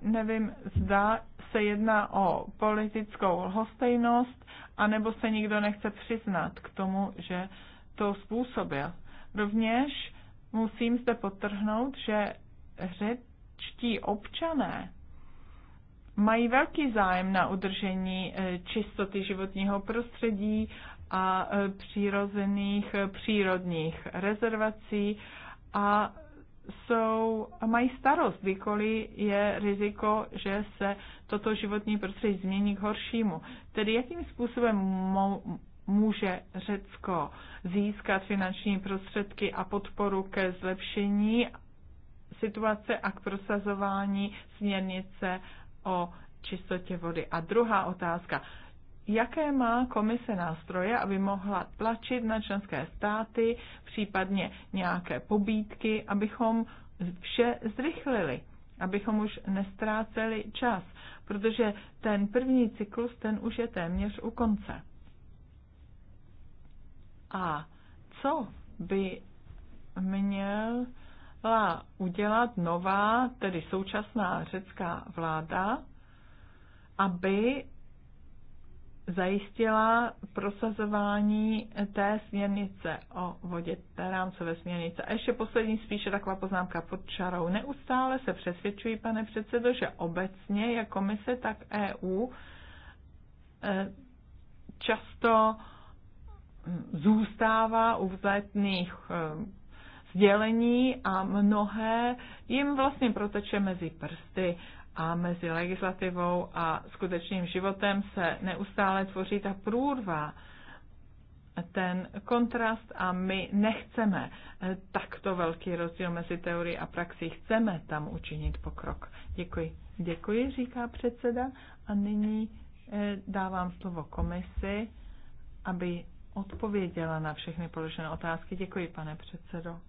nevím, zda se jedná o politickou lhostejnost, anebo se nikdo nechce přiznat k tomu, že to způsobil. Rovněž musím zde potrhnout, že řečtí občané mají velký zájem na udržení eh, čistoty životního prostředí a eh, přirozených eh, přírodních rezervací a jsou, mají starost, kdykoliv je riziko, že se toto životní prostředí změní k horšímu. Tedy jakým způsobem může Řecko získat finanční prostředky a podporu ke zlepšení situace a k prosazování směrnice o čistotě vody. A druhá otázka jaké má komise nástroje, aby mohla tlačit na členské státy, případně nějaké pobídky, abychom vše zrychlili, abychom už nestráceli čas, protože ten první cyklus, ten už je téměř u konce. A co by měla udělat nová, tedy současná řecká vláda, aby zajistila prosazování té směrnice o vodě, té rámcové směrnice. A ještě poslední spíše taková poznámka pod čarou. Neustále se přesvědčují, pane předsedo, že obecně jak komise, tak EU eh, často hm, zůstává u vzletných eh, sdělení a mnohé jim vlastně proteče mezi prsty a mezi legislativou a skutečným životem se neustále tvoří ta průrva, ten kontrast a my nechceme eh, takto velký rozdíl mezi teorií a praxí. Chceme tam učinit pokrok. Děkuji. Děkuji, říká předseda. A nyní eh, dávám slovo komisi, aby odpověděla na všechny položené otázky. Děkuji, pane předsedo.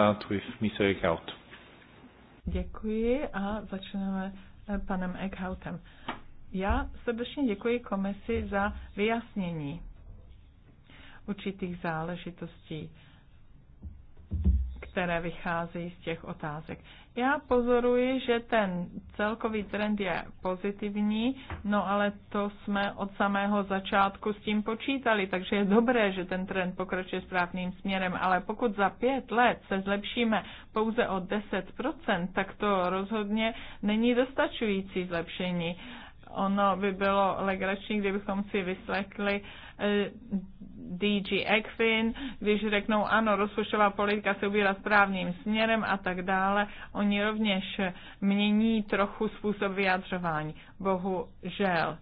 start with Mr. Eckhout. Děkuji a začneme eh, panem Eckhoutem. Já srdečně děkuji komisi za vyjasnění určitých záležitostí které vychází z těch otázek. Já pozoruji, že ten celkový trend je pozitivní, no ale to jsme od samého začátku s tím počítali, takže je dobré, že ten trend pokračuje správným směrem, ale pokud za pět let se zlepšíme pouze o 10%, tak to rozhodně není dostačující zlepšení. Ono by bylo legrační, kdybychom si vyslechli eh, DG Ekfin, když řeknou ano, rozpočtová politika se ubírá správným směrem a tak dále. Oni rovněž mění trochu způsob vyjadřování. Bohužel.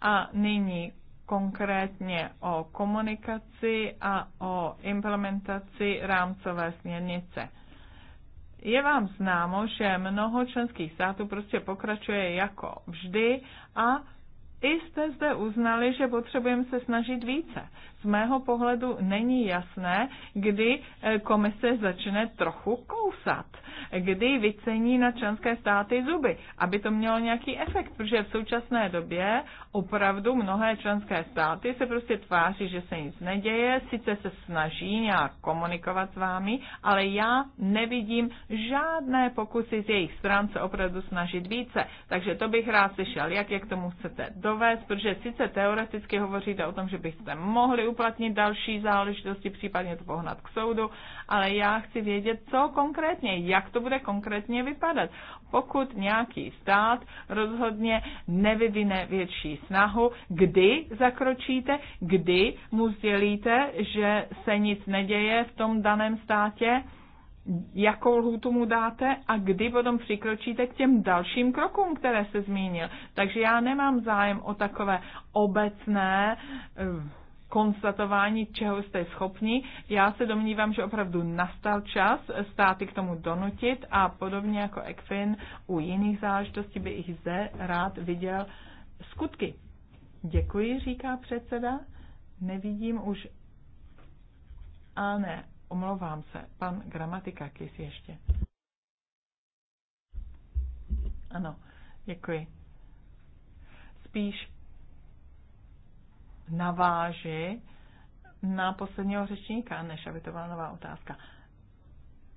A nyní konkrétně o komunikaci a o implementaci rámcové směrnice je vám známo, že mnoho členských států prostě pokračuje jako vždy a i jste zde uznali, že potřebujeme se snažit více z mého pohledu není jasné, kdy eh, komise začne trochu kousat, kdy vycení na členské státy zuby, aby to mělo nějaký efekt, protože v současné době opravdu mnohé členské státy se prostě tváří, že se nic neděje, sice se snaží nějak komunikovat s vámi, ale já nevidím žádné pokusy z jejich stran se opravdu snažit více. Takže to bych rád slyšel, jak je k tomu chcete dovést, protože sice teoreticky hovoříte o tom, že byste mohli uplatnit další záležitosti, případně to pohnat k soudu, ale já chci vědět, co konkrétně, jak to bude konkrétně vypadat. Pokud nějaký stát rozhodně nevyvine větší snahu, kdy zakročíte, kdy mu sdělíte, že se nic neděje v tom daném státě, jakou lhůtu mu dáte a kdy potom přikročíte k těm dalším krokům, které se zmínil. Takže já nemám zájem o takové obecné eh, konstatování, čeho jste schopni. Já se domnívám, že opravdu nastal čas státy k tomu donutit a podobně jako ECFIN u jiných záležitostí by jich zde rád viděl skutky. Děkuji, říká předseda. Nevidím už. A ne, omlouvám se. Pan gramatika Kis ještě. Ano, děkuji. Spíš naváži na posledního řečníka, než aby to byla nová otázka.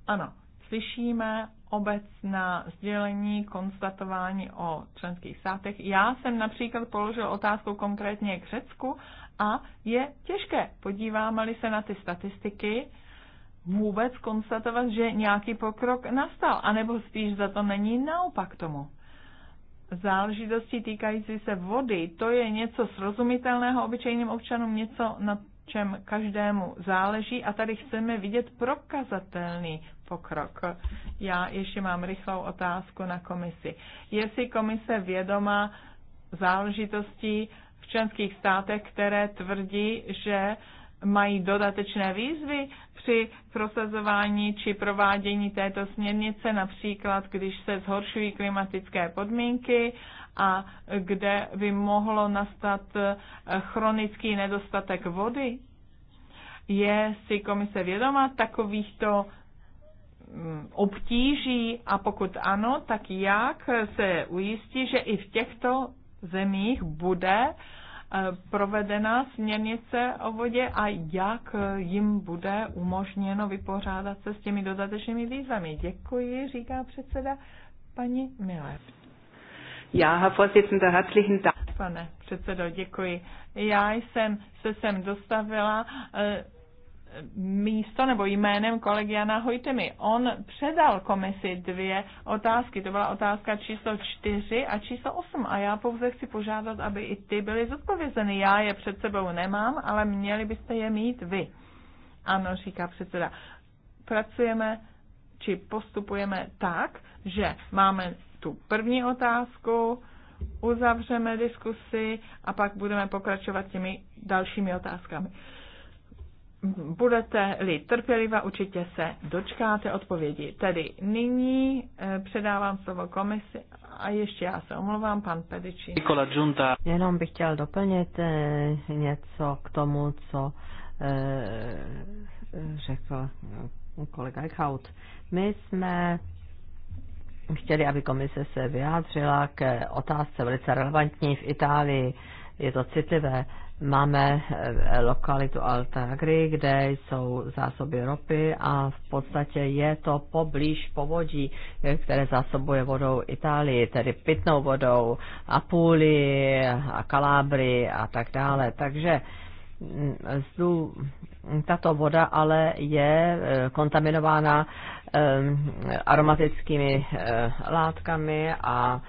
Ano, slyšíme obecná sdělení, konstatování o členských státech. Já jsem například položil otázku konkrétně k Řecku a je těžké, podíváme-li se na ty statistiky, vůbec konstatovat, že nějaký pokrok nastal, anebo spíš za to není naopak tomu záležitosti týkající se vody, to je něco srozumitelného obyčejným občanům, něco, na čem každému záleží a tady chceme vidět prokazatelný pokrok. Já ještě mám rychlou otázku na komisi. Je si komise vědoma záležitostí v členských státech, které tvrdí, že uh, mají dodatečné výzvy při prosazování či provádění této směrnice, například když se zhoršují klimatické podmínky a kde by mohlo nastat eh, chronický nedostatek vody. Je si komise vědoma takovýchto mm, obtíží a pokud ano, tak jak se ujistí, že i v těchto zemích bude Eh, provedena směrnice o vodě a jak eh, jim bude umožněno vypořádat se s těmi dodatečnými výzvami. Děkuji, říká předseda paní Miller. Já, Herr herzlichen Dank. Pane předsedo, děkuji. Já jsem se sem dostavila eh, místo nebo jménem kolegy Jana Hojtemi. On předal komisi dvě otázky. To byla otázka číslo čtyři a číslo osm. A já pouze chci požádat, aby i ty byly zodpovězeny. Já je před sebou nemám, ale měli byste je mít vy. Ano, říká předseda. Pracujeme či postupujeme tak, že máme tu první otázku, uzavřeme diskusi a pak budeme pokračovat těmi dalšími otázkami budete-li trpěliva, určitě se dočkáte odpovědi. Tedy nyní eh, předávám slovo komisi a ještě já se omlouvám, pan Pedici. Jenom bych chtěl doplnit eh, něco k tomu, co eh, řekl kolega Eichhout. My jsme chtěli, aby komise se vyjádřila k otázce velice relevantní v Itálii je to citlivé. Máme eh, lokalitu Altagri, kde jsou zásoby ropy a v podstatě je to poblíž povodí, eh, které zásobuje vodou Itálii, tedy pitnou vodou Apulii a Kalábry a tak dále. Takže tato voda ale je eh, kontaminována eh, aromatickými eh, látkami a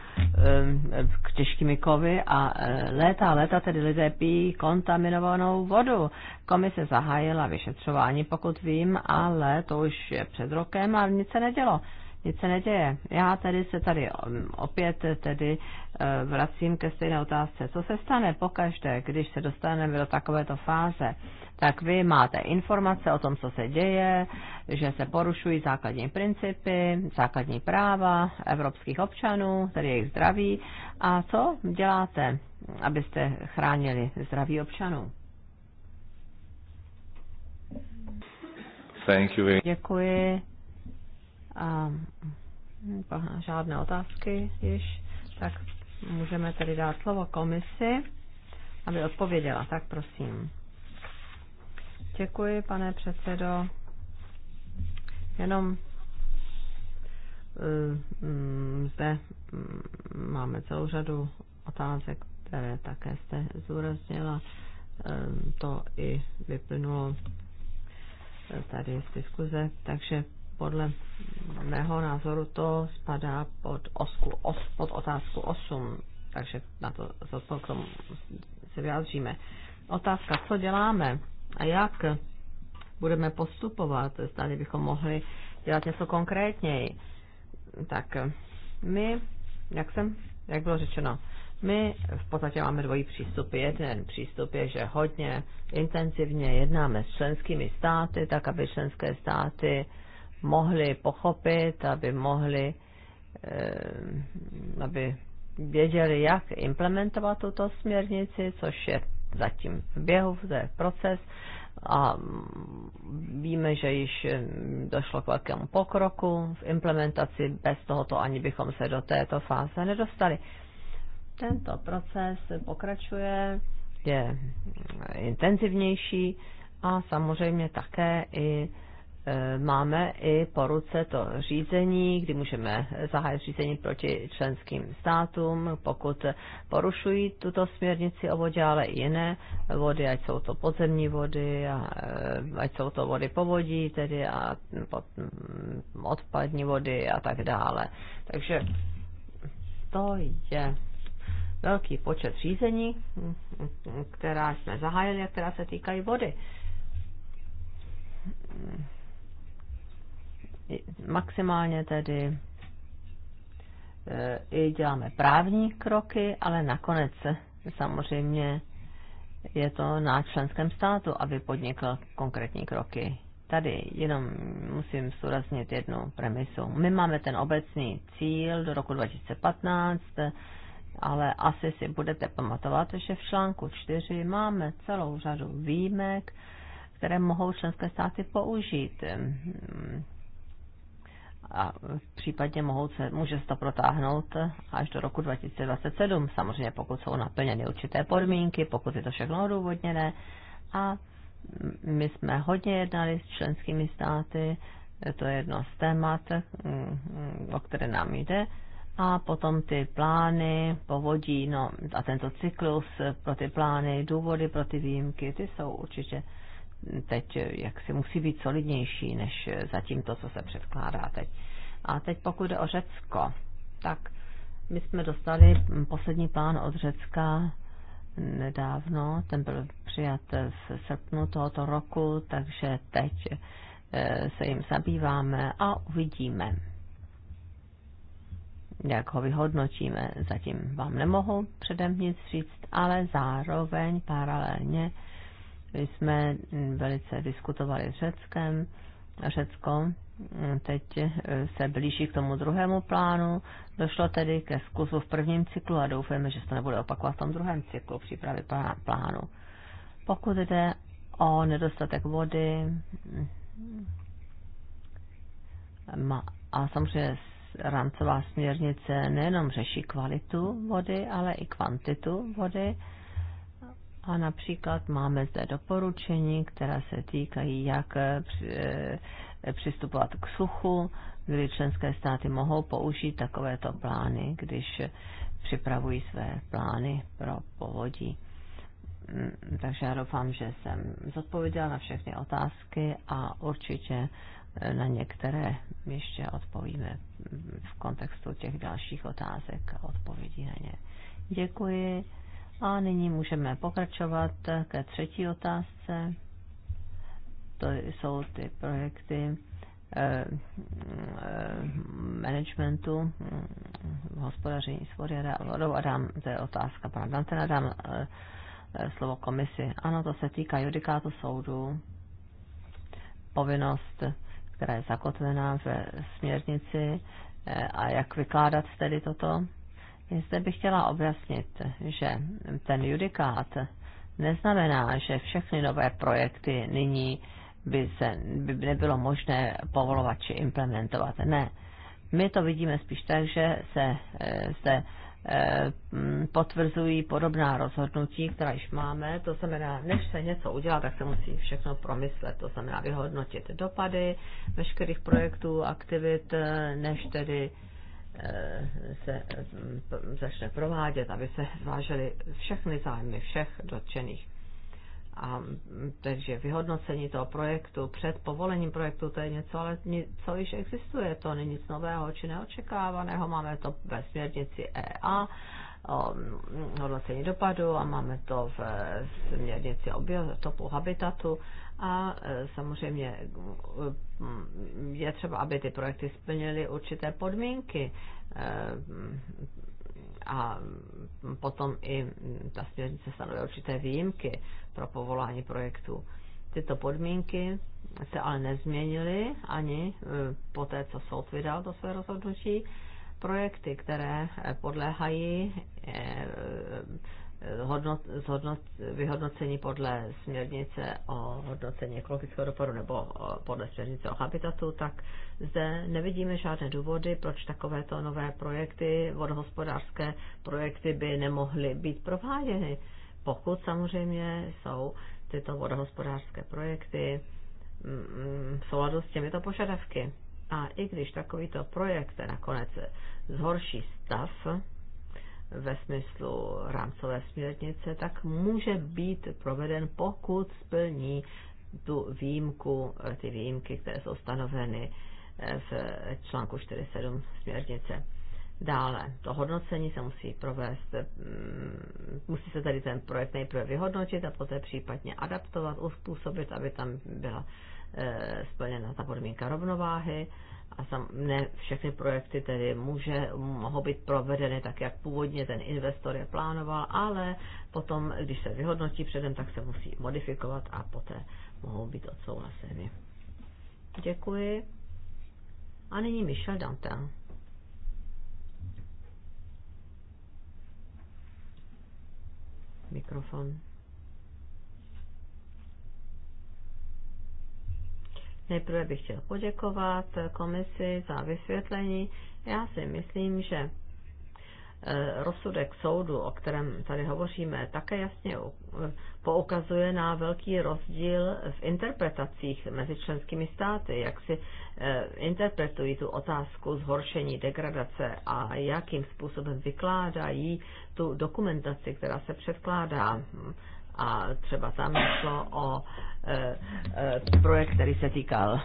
těžkými kovy a léta a léta tedy lidé pijí kontaminovanou vodu. Komise zahájila vyšetřování, pokud vím, ale to už je před rokem a nic se nedělo nic se neděje. Já tedy se tady um, opět tedy uh, vracím ke stejné otázce. Co se stane pokaždé, když se dostaneme do takovéto fáze? Tak vy máte informace o tom, co se děje, že se porušují základní principy, základní práva evropských občanů, tedy jejich zdraví. A co děláte, abyste chránili zdraví občanů? Thank you. Děkuji a hm, žádné otázky již, tak můžeme tedy dát slovo komisi, aby odpověděla. Tak prosím. Děkuji, pane předsedo. Jenom eh, hm, zde hm, máme celou řadu otázek, které také jste zúraznila. Eh, to i vyplnulo eh, tady z diskuze, takže podle mého názoru to spadá pod, osku, os, pod otázku 8, takže na to, to, to se vyjádříme. Otázka, co děláme a jak budeme postupovat, zdali bychom mohli dělat něco konkrétněji. Tak my, jak jsem, jak bylo řečeno, my v podstatě máme dvojí přístup. Jeden přístup je, že hodně intenzivně jednáme s členskými státy, tak aby členské státy mohli pochopit, aby mohli, eh, aby věděli, jak implementovat tuto směrnici, což je zatím v běhu, to je proces a víme, že již došlo k velkému pokroku v implementaci, bez tohoto ani bychom se do této fáze nedostali. Tento proces pokračuje, je intenzivnější a samozřejmě také i Eh, máme i po ruce to řízení, kdy můžeme zahájit řízení proti členským státům, pokud porušují tuto směrnici o vodě, ale i jiné vody, ať jsou to podzemní vody, eh, ať jsou to vody povodí, tedy a mm, mm, odpadní vody a tak dále. Takže to je velký počet řízení, mm, která jsme zahájili a která se týkají vody maximálně tedy eh, i děláme právní kroky, ale nakonec samozřejmě je to na členském státu, aby podnikl konkrétní kroky. Tady jenom musím zúraznit jednu premisu. My máme ten obecný cíl do roku 2015, ale asi si budete pamatovat, že v článku 4 máme celou řadu výjimek, které mohou členské státy použít a případně mohou se, může se to protáhnout až do roku 2027, samozřejmě pokud jsou naplněny určité podmínky, pokud je to všechno odůvodněné. A my jsme hodně jednali s členskými státy, to je jedno z témat, mm, o které nám jde. A potom ty plány, povodí, no a tento cyklus pro ty plány, důvody pro ty výjimky, ty jsou určitě teď jak si musí být solidnější než zatím to, co se předkládá teď. A teď pokud jde o Řecko, tak my jsme dostali poslední plán od Řecka nedávno, ten byl přijat v srpnu tohoto roku, takže teď eh, se jim zabýváme a uvidíme, jak ho vyhodnotíme. Zatím vám nemohu předem nic říct, ale zároveň paralelně jsme mm, velice diskutovali s Řeckem. Řecko mm, teď eh, se blíží k tomu druhému plánu. Došlo tedy ke zkusu v prvním cyklu a doufáme, že se to nebude opakovat v tom druhém cyklu přípravy plánu. Pokud jde o nedostatek vody mm, a samozřejmě rámcová směrnice nejenom řeší kvalitu vody, ale i kvantitu vody, a například máme zde doporučení, která se týkají, jak eh, eh, přistupovat k suchu, kdy členské státy mohou použít takovéto plány, když připravují své plány pro povodí. Mm, takže já doufám, že jsem zodpověděla na všechny otázky a určitě eh, na některé ještě odpovíme v kontextu těch dalších otázek a odpovědí na ně. Děkuji. A nyní můžeme pokračovat ke třetí otázce. To jsou ty projekty eh, eh, managementu hm, hospodaření s vodou a dám, to je otázka pardon, teda dám eh, slovo komisi. Ano, to se týká judikátu soudu, povinnost, která je zakotvená ve směrnici a jak vykládat tedy toto zde bych chtěla objasnit, že ten judikát neznamená, že všechny nové projekty nyní by, se, by nebylo možné povolovat či implementovat. Ne. My to vidíme spíš tak, že se, eh, se eh, potvrzují podobná rozhodnutí, která již máme. To znamená, než se něco udělá, tak se musí všechno promyslet. To znamená vyhodnotit dopady veškerých projektů, aktivit, eh, než tedy Eh, se eh, začne provádět, aby se zvážely všechny zájmy všech dotčených. A, takže vyhodnocení toho projektu před povolením projektu, to je něco, ale co již existuje, to není nic nového či neočekávaného. Máme to ve směrnici EA, o mm, hodnocení dopadu a máme to v eh, směrnici o biotopu habitatu a e, samozřejmě e, je třeba, aby ty projekty splnily určité podmínky e, a potom i ta směrnice stanovuje určité výjimky pro povolání projektů. Tyto podmínky se ale nezměnily ani po té, co soud vydal to své rozhodnutí. Projekty, které podléhají hodnot, zhodnot, vyhodnocení podle směrnice o hodnocení ekologického dopadu nebo podle směrnice o habitatu, tak zde nevidíme žádné důvody, proč takovéto nové projekty, vodohospodářské projekty by nemohly být prováděny, pokud samozřejmě jsou tyto vodohospodářské projekty mm, mm, v souladu s těmito požadavky. A i když takovýto projekt nakonec zhorší stav ve smyslu rámcové směrnice, tak může být proveden, pokud splní tu výjimku, ty výjimky, které jsou stanoveny eh, v článku 47 směrnice. Dále, to hodnocení se musí provést, mm, musí se tady ten projekt nejprve vyhodnotit a poté případně adaptovat, uspůsobit, aby tam byla eh, splněna ta podmínka rovnováhy a sam, ne všechny projekty tedy může, mohou být provedeny tak, jak původně ten investor je plánoval, ale potom, když se vyhodnotí předem, tak se musí modifikovat a poté mohou být odsouhlaseny. Děkuji. A nyní Michel Dantin. Mikrofon. Nejprve bych chtěl poděkovat komisi za vysvětlení. Já si myslím, že eh, rozsudek soudu, o kterém tady hovoříme, také jasně poukazuje na velký rozdíl v interpretacích mezi členskými státy, jak si eh, interpretují tu otázku zhoršení, degradace a jakým způsobem vykládají tu dokumentaci, která se předkládá. A třeba tam šlo o Eh, eh, projekt, který se týkal eh,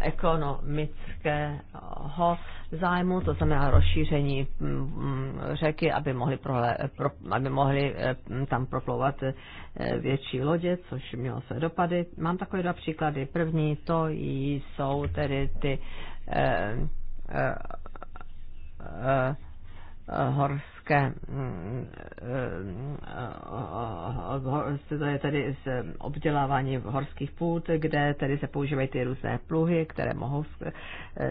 ekonomického zájmu, to znamená rozšíření mm, řeky, aby mohli prohle, pro, aby mohli tam proplouvat větší lodě, což mělo své dopady. Mám takové dva příklady. První to jsou tedy ty eh, eh, eh, horské obrovské, to mm, eh, eh, eh, je tedy z obdělávání horských půd, kde tedy se používají ty různé pluhy, které mohou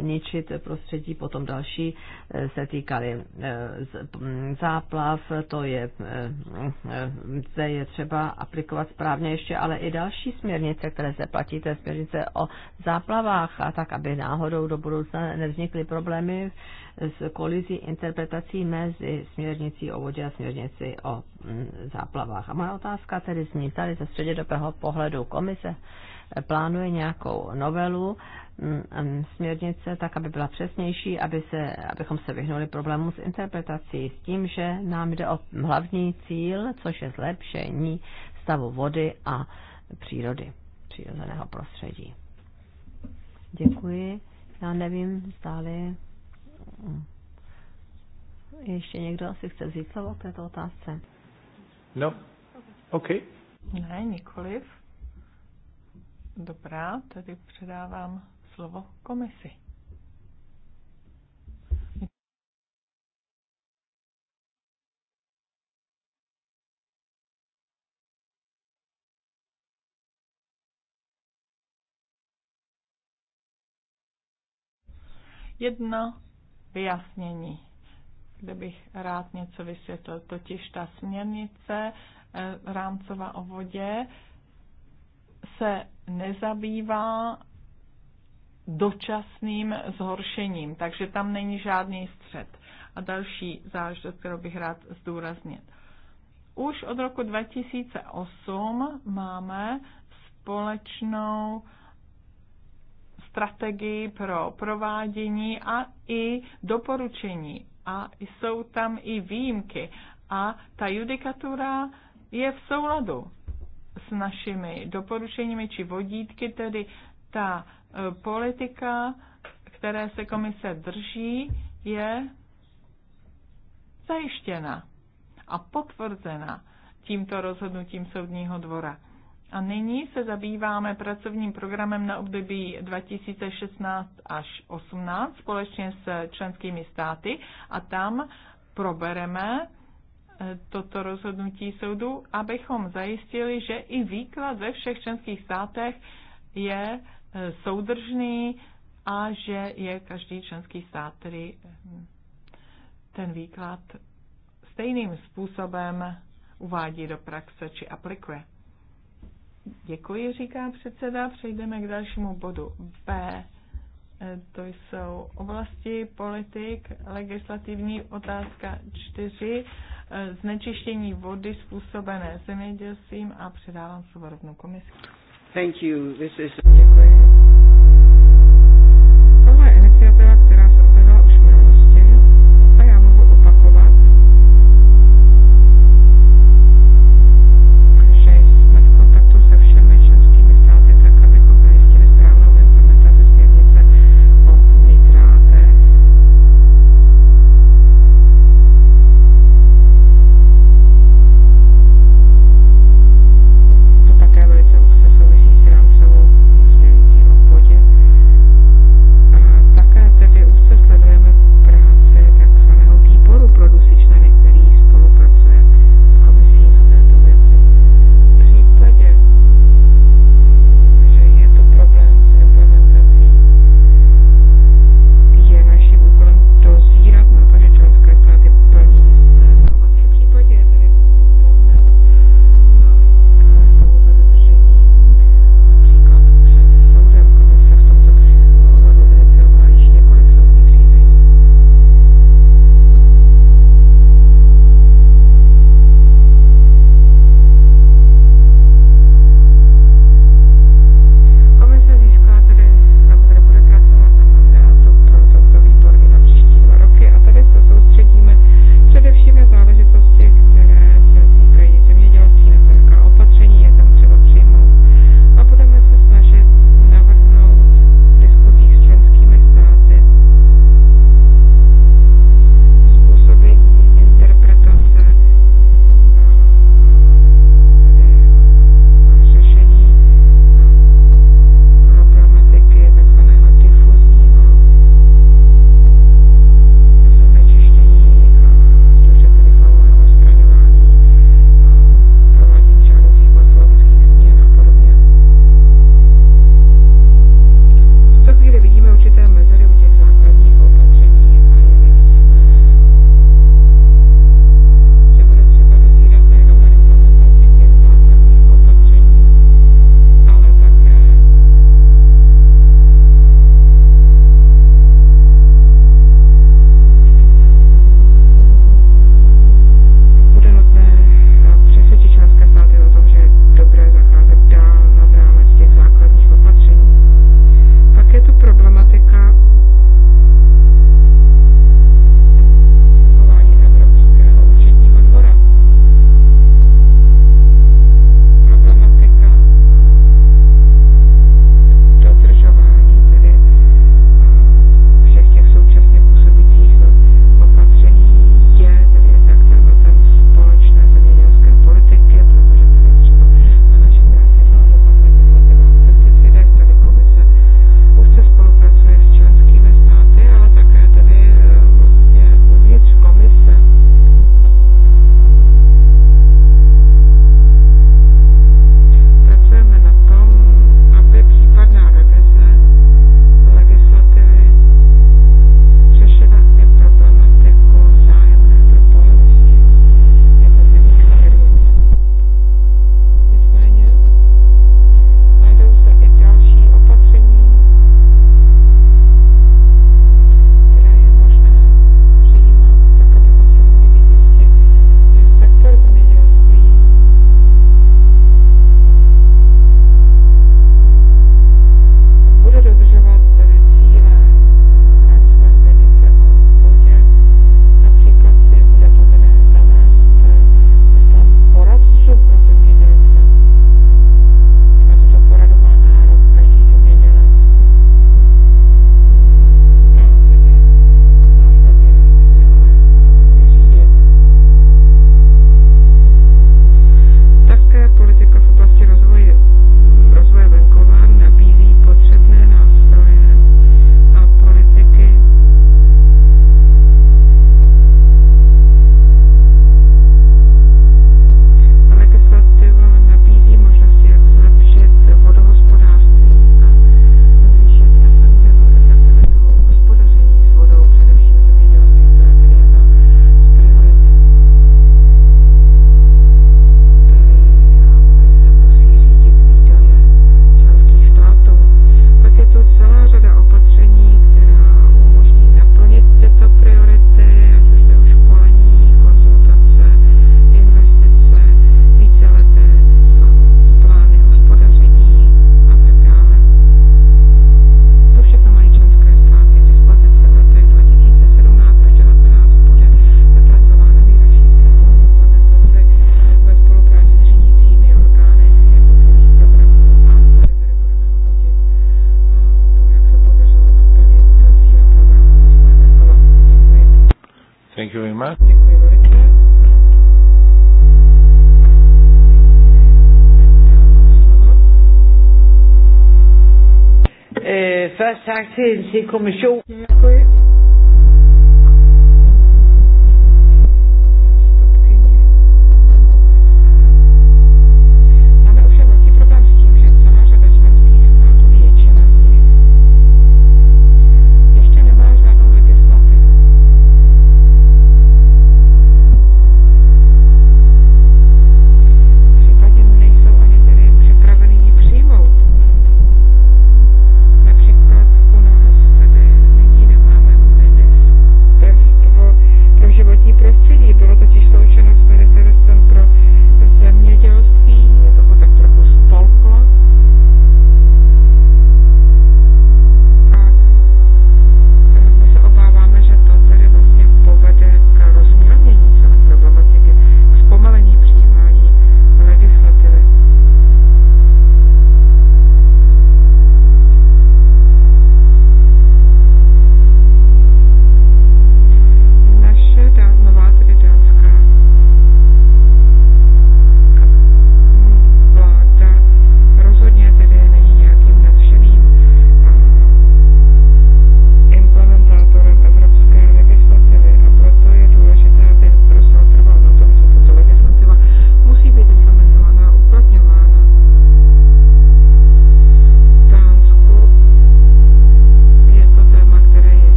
ničit prostředí. Potom další se týkaly mm, záplav, to je, mm, zde je třeba aplikovat správně ještě, ale i další směrnice, které se platí, to je směrnice o záplavách a tak, aby náhodou do budoucna nevznikly problémy s kolizí interpretací mezi směrnicí o vodě a směrnici o mm, záplavách. A moje otázka tedy zní tady ze střednědobého pohledu komise eh, plánuje nějakou novelu mm, mm, směrnice tak, aby byla přesnější, aby se, abychom se vyhnuli problému s interpretací, s tím, že nám jde o hlavní cíl, což je zlepšení stavu vody a přírody, přírozeného prostředí. Děkuji. Já nevím, stále ještě někdo asi chce vzít slovo k této otázce? No. OK. Ne, nikoliv. Dobrá, tedy předávám slovo komisi. Jedno vyjasnění kde bych rád něco vysvětlil. Totiž ta směrnice e, rámcová o vodě se nezabývá dočasným zhoršením, takže tam není žádný střed. A další záležitost, kterou bych rád zdůraznit. Už od roku 2008 máme společnou strategii pro provádění a i doporučení a jsou tam i výjimky. A ta judikatura je v souladu s našimi doporučeními či vodítky, tedy ta e, politika, které se komise drží, je zajištěna a potvrzena tímto rozhodnutím soudního dvora. A nyní se zabýváme pracovním programem na období 2016 až 2018 společně s členskými státy a tam probereme e, toto rozhodnutí soudu, abychom zajistili, že i výklad ve všech členských státech je e, soudržný a že je každý členský stát, který e, ten výklad stejným způsobem uvádí do praxe či aplikuje. Děkuji, říká předseda. Přejdeme k dalšímu bodu B. E, to jsou oblasti politik, legislativní otázka 4, e, znečištění vody způsobené zemědělstvím a předávám slovo rovnou komisi. Thank you. This is... tak til, en til Ja,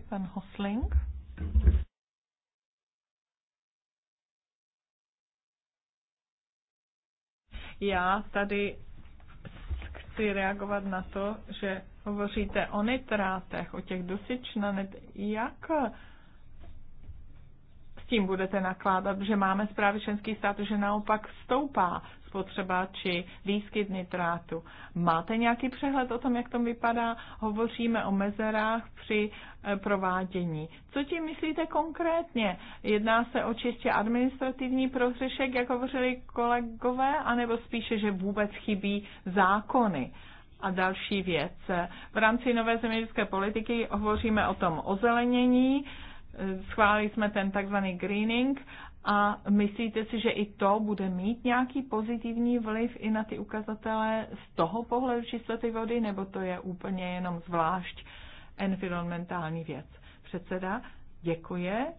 pan Hosling. Já tady chci reagovat na to, že hovoříte o nitrátech, o těch dusičnanech. Jak tím budete nakládat, že máme zprávy členských států, že naopak stoupá spotřeba či výskyt nitrátu. Máte nějaký přehled o tom, jak to vypadá? Hovoříme o mezerách při eh, provádění. Co tím myslíte konkrétně? Jedná se o čistě administrativní prohřešek, jak hovořili kolegové, anebo spíše, že vůbec chybí zákony? A další věc. V rámci nové zemědělské politiky hovoříme o tom ozelenění, Schválili jsme ten takzvaný greening a myslíte si, že i to bude mít nějaký pozitivní vliv i na ty ukazatele z toho pohledu čistoty vody, nebo to je úplně jenom zvlášť environmentální věc? Předseda děkuje.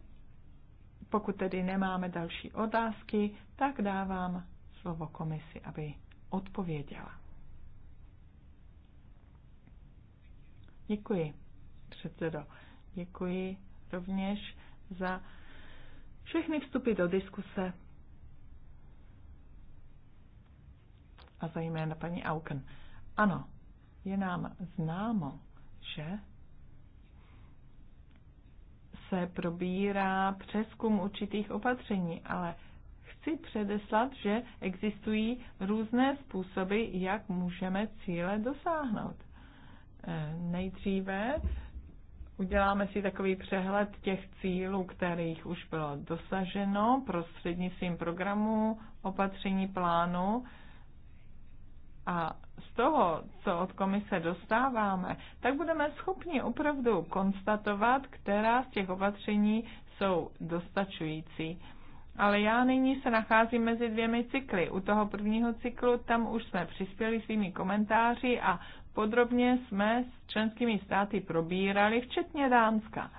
Pokud tedy nemáme další otázky, tak dávám slovo komisi, aby odpověděla. Děkuji, předsedo. Děkuji rovněž za všechny vstupy do diskuse a zejména paní Auken. Ano, je nám známo, že se probírá přeskum určitých opatření, ale chci předeslat, že existují různé způsoby, jak můžeme cíle dosáhnout. E, nejdříve Uděláme si takový přehled těch cílů, kterých už bylo dosaženo prostřednictvím programu, opatření plánu. A z toho, co od komise dostáváme, tak budeme schopni opravdu konstatovat, která z těch opatření jsou dostačující. Ale já nyní se nacházím mezi dvěmi cykly. U toho prvního cyklu tam už jsme přispěli svými komentáři a podrobně jsme s členskými státy probírali, včetně Dánska,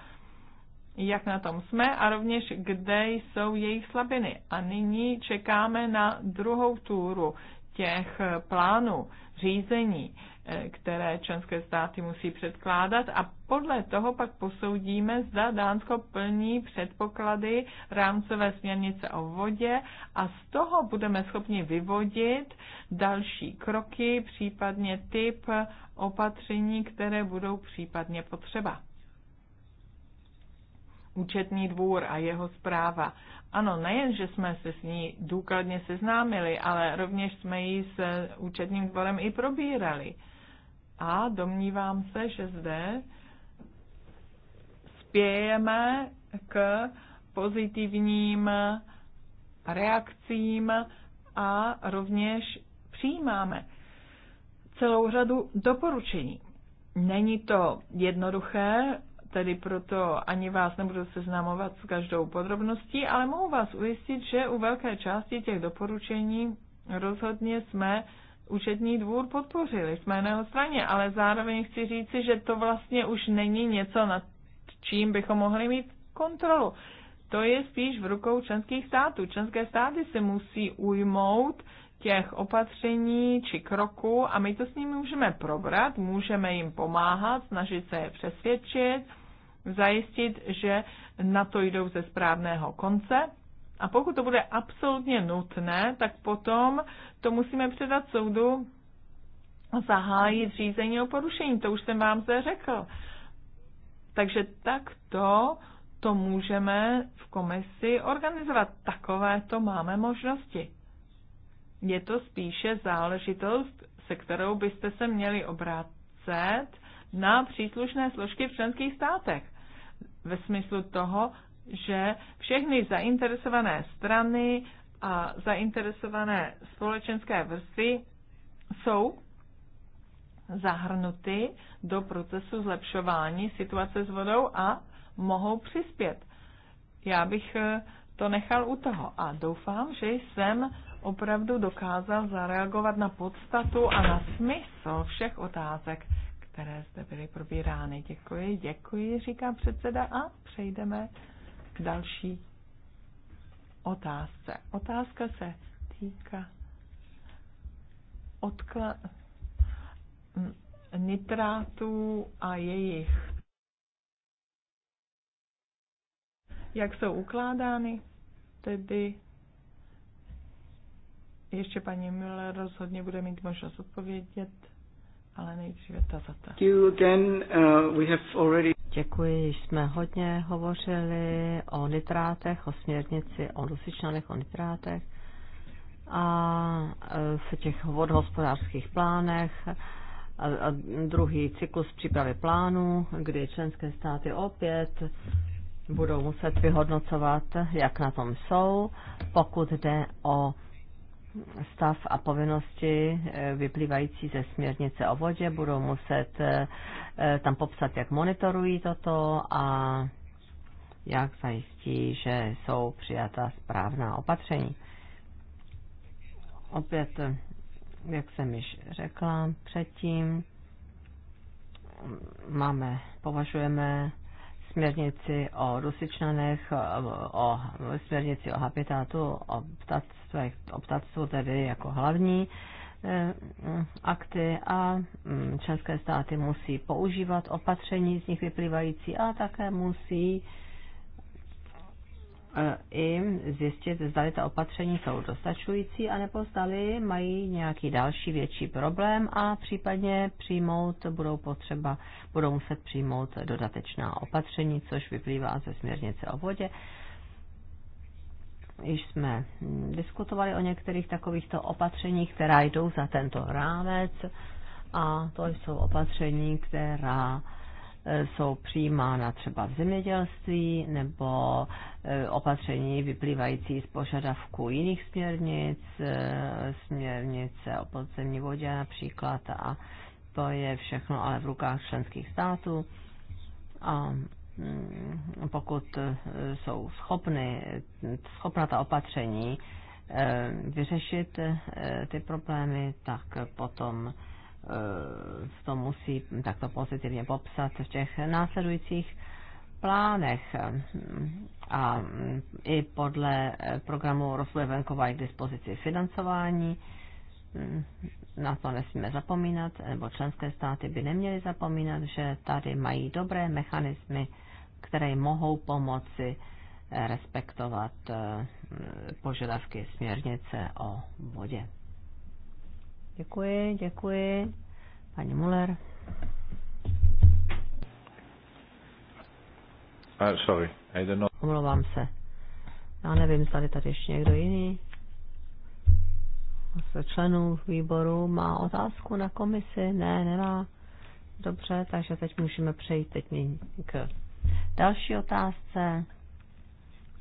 jak na tom jsme a rovněž kde jsou jejich slabiny. A nyní čekáme na druhou túru těch plánů řízení Eh, které členské státy musí předkládat a podle toho pak posoudíme, zda Dánsko plní předpoklady rámcové směrnice o vodě a z toho budeme schopni vyvodit další kroky, případně typ opatření, které budou případně potřeba. Účetní dvůr a jeho zpráva. Ano, nejen, že jsme se s ní důkladně seznámili, ale rovněž jsme ji s účetním dvorem i probírali a domnívám se, že zde spějeme k pozitivním reakcím a rovněž přijímáme celou řadu doporučení. Není to jednoduché, tedy proto ani vás nebudu seznamovat s každou podrobností, ale mohu vás ujistit, že u velké části těch doporučení rozhodně jsme účetní dvůr podpořili, jsme na jeho straně, ale zároveň chci říci, že to vlastně už není něco, nad čím bychom mohli mít kontrolu. To je spíš v rukou členských států. Členské státy se musí ujmout těch opatření či kroků a my to s nimi můžeme probrat, můžeme jim pomáhat, snažit se je přesvědčit, zajistit, že na to jdou ze správného konce a pokud to bude absolutně nutné, tak potom to musíme předat soudu a zahájit řízení o porušení. To už jsem vám zde řekl. Takže takto to můžeme v komisi organizovat. Takové to máme možnosti. Je to spíše záležitost, se kterou byste se měli obrátit na příslušné složky v členských státech. Ve smyslu toho, že všechny zainteresované strany a zainteresované společenské vrstvy jsou zahrnuty do procesu zlepšování situace s vodou a mohou přispět. Já bych eh, to nechal u toho a doufám, že jsem opravdu dokázal zareagovat na podstatu a na smysl všech otázek, které zde byly probírány. Děkuji, děkuji, říká předseda a přejdeme další otázce. Otázka se týká odkla- nitrátů a jejich. Jak jsou ukládány? Tedy ještě paní Müller rozhodně bude mít možnost odpovědět, ale nejdříve ta zata. You again, uh, we have already... Děkuji, jsme hodně hovořili o nitrátech, o směrnici, o dusičnanech, o nitrátech a e, v těch vodhospodářských plánech a, a druhý cyklus přípravy plánu, kdy členské státy opět budou muset vyhodnocovat, jak na tom jsou, pokud jde o stav a povinnosti eh, vyplývající ze směrnice o vodě. Budou muset eh, eh, tam popsat, jak monitorují toto a jak zajistí, že jsou přijata správná opatření. Opět, jak jsem již řekla předtím, máme, považujeme směrnici o dusičnanech, o, o směrnici o habitatu, o ptactvech, o ptactvu tedy jako hlavní e, akty a mm, české státy musí používat opatření z nich vyplývající a také musí e, Eh, i zjistit, zdali ta opatření jsou dostačující, anebo zdali mají nějaký další větší problém a případně přijmout, budou potřeba, budou muset přijmout dodatečná opatření, což vyplývá ze směrnice o vodě. Již jsme hm, diskutovali o některých takovýchto opatřeních, která jdou za tento rámec a to jsou opatření, která E, jsou přijímána třeba v zemědělství nebo e, opatření vyplývající z požadavků jiných směrnic, e, směrnice o podzemní vodě například a to je všechno ale v rukách členských států a mm, pokud jsou schopny, schopna ta opatření vyřešit ty problémy, tak potom Eh, to musí takto pozitivně popsat v těch následujících plánech eh, a mm, i podle eh, programu rozvoje venkova je k dispozici financování. Mm, na to nesmíme zapomínat, nebo členské státy by neměly zapomínat, že tady mají dobré mechanismy, které mohou pomoci respektovat požadavky směrnice o vodě. Děkuji, děkuji. Pani Muller. Uh, sorry, I don't know. Omlouvám se. Já nevím, zda tady ještě někdo jiný z členů výboru má otázku na komisi. Ne, nemá. Dobře, takže teď můžeme přejít teď k další otázce.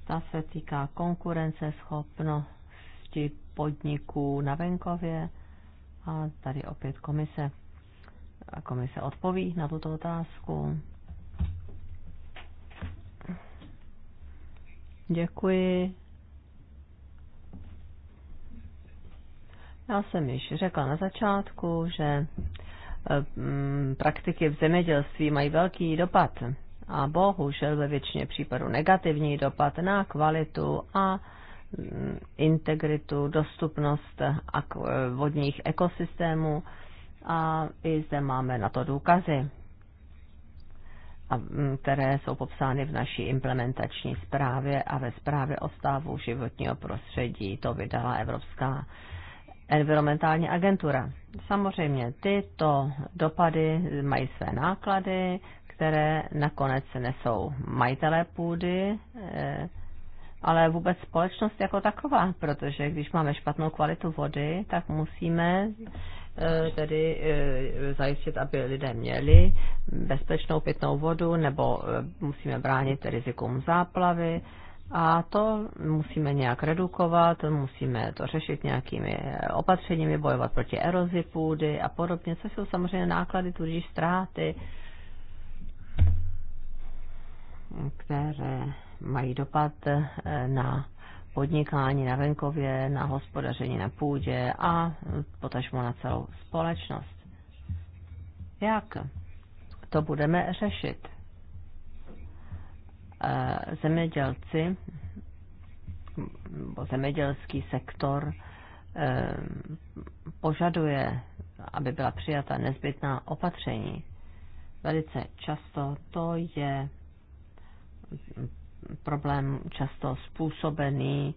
Ta se týká konkurence schopnosti podniků na venkově. A tady opět komise. A komise odpoví na tuto otázku. Děkuji. Já jsem již řekla na začátku, že eh, mm, praktiky v zemědělství mají velký dopad a bohužel ve většině případů negativní dopad na kvalitu a integritu, dostupnost vodních ekosystémů a i zde máme na to důkazy, mm, které jsou popsány v naší implementační zprávě a ve zprávě o stavu životního prostředí. To vydala Evropská environmentální agentura. Samozřejmě tyto dopady mají své náklady, které nakonec nesou majitelé půdy, eh, ale vůbec společnost jako taková, protože když máme špatnou kvalitu vody, tak musíme e, tedy e, zajistit, aby lidé měli bezpečnou pitnou vodu, nebo e, musíme bránit rizikům záplavy, a to musíme nějak redukovat, musíme to řešit nějakými opatřeními, bojovat proti erozi půdy a podobně, což jsou samozřejmě náklady, tudíž ztráty, které mají dopad eh, na podnikání na venkově, na hospodaření na půdě a eh, potažmo na celou společnost. Jak to budeme řešit? Eh, zemědělci, bo zemědělský sektor požaduje, aby byla přijata nezbytná opatření. Velice často to je problém často způsobený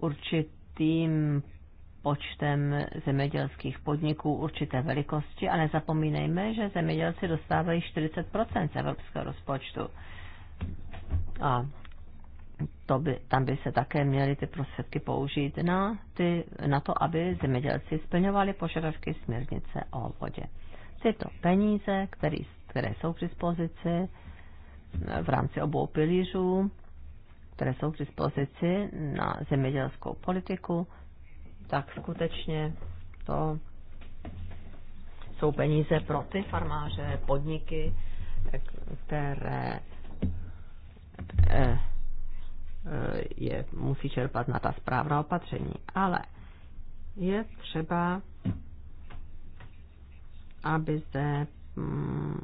určitým počtem zemědělských podniků určité velikosti a nezapomínejme, že zemědělci dostávají 40 z evropského rozpočtu. A to by, tam by se také měly ty prostředky použít na, ty, na to, aby zemědělci splňovali požadavky směrnice o vodě. Tyto peníze, které, které jsou k dispozici, v rámci obou pilířů, které jsou k dispozici na zemědělskou politiku, tak skutečně to jsou peníze pro ty farmáře, podniky, které eh, eh, je musí čerpat na ta správná opatření. Ale je třeba, aby zde mm,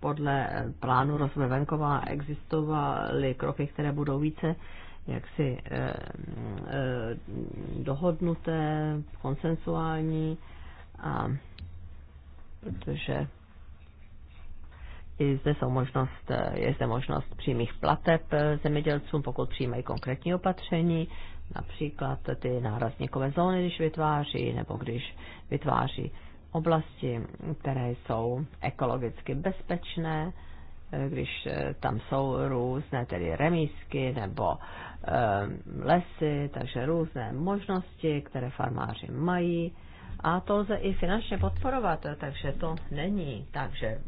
podle plánu rozvoje venkova existovaly kroky, které budou více jaksi eh, eh, dohodnuté, konsensuální a protože i zde jsou možnost, eh, je zde možnost přímých plateb zemědělcům, pokud přijímají konkrétní opatření, například ty nárazníkové zóny, když vytváří, nebo když vytváří oblasti, které jsou ekologicky bezpečné, eh, když eh, tam jsou různé tedy remísky nebo eh, lesy, takže různé možnosti, které farmáři mají. A to lze i finančně podporovat, takže to není tak, že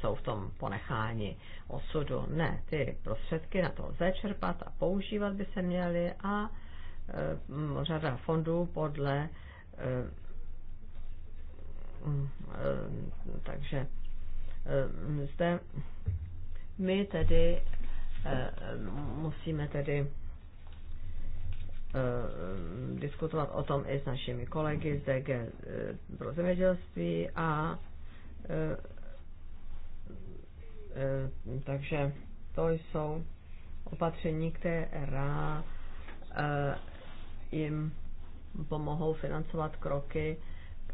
jsou v tom ponecháni osudu. Ne, ty prostředky na to lze čerpat a používat by se měly a řada fondů podle Mm, mm, takže mm, zde my tedy eh, musíme tedy eh, diskutovat o tom i s našimi kolegy z DG eh, pro zemědělství a takže to jsou opatření, která jim pomohou financovat kroky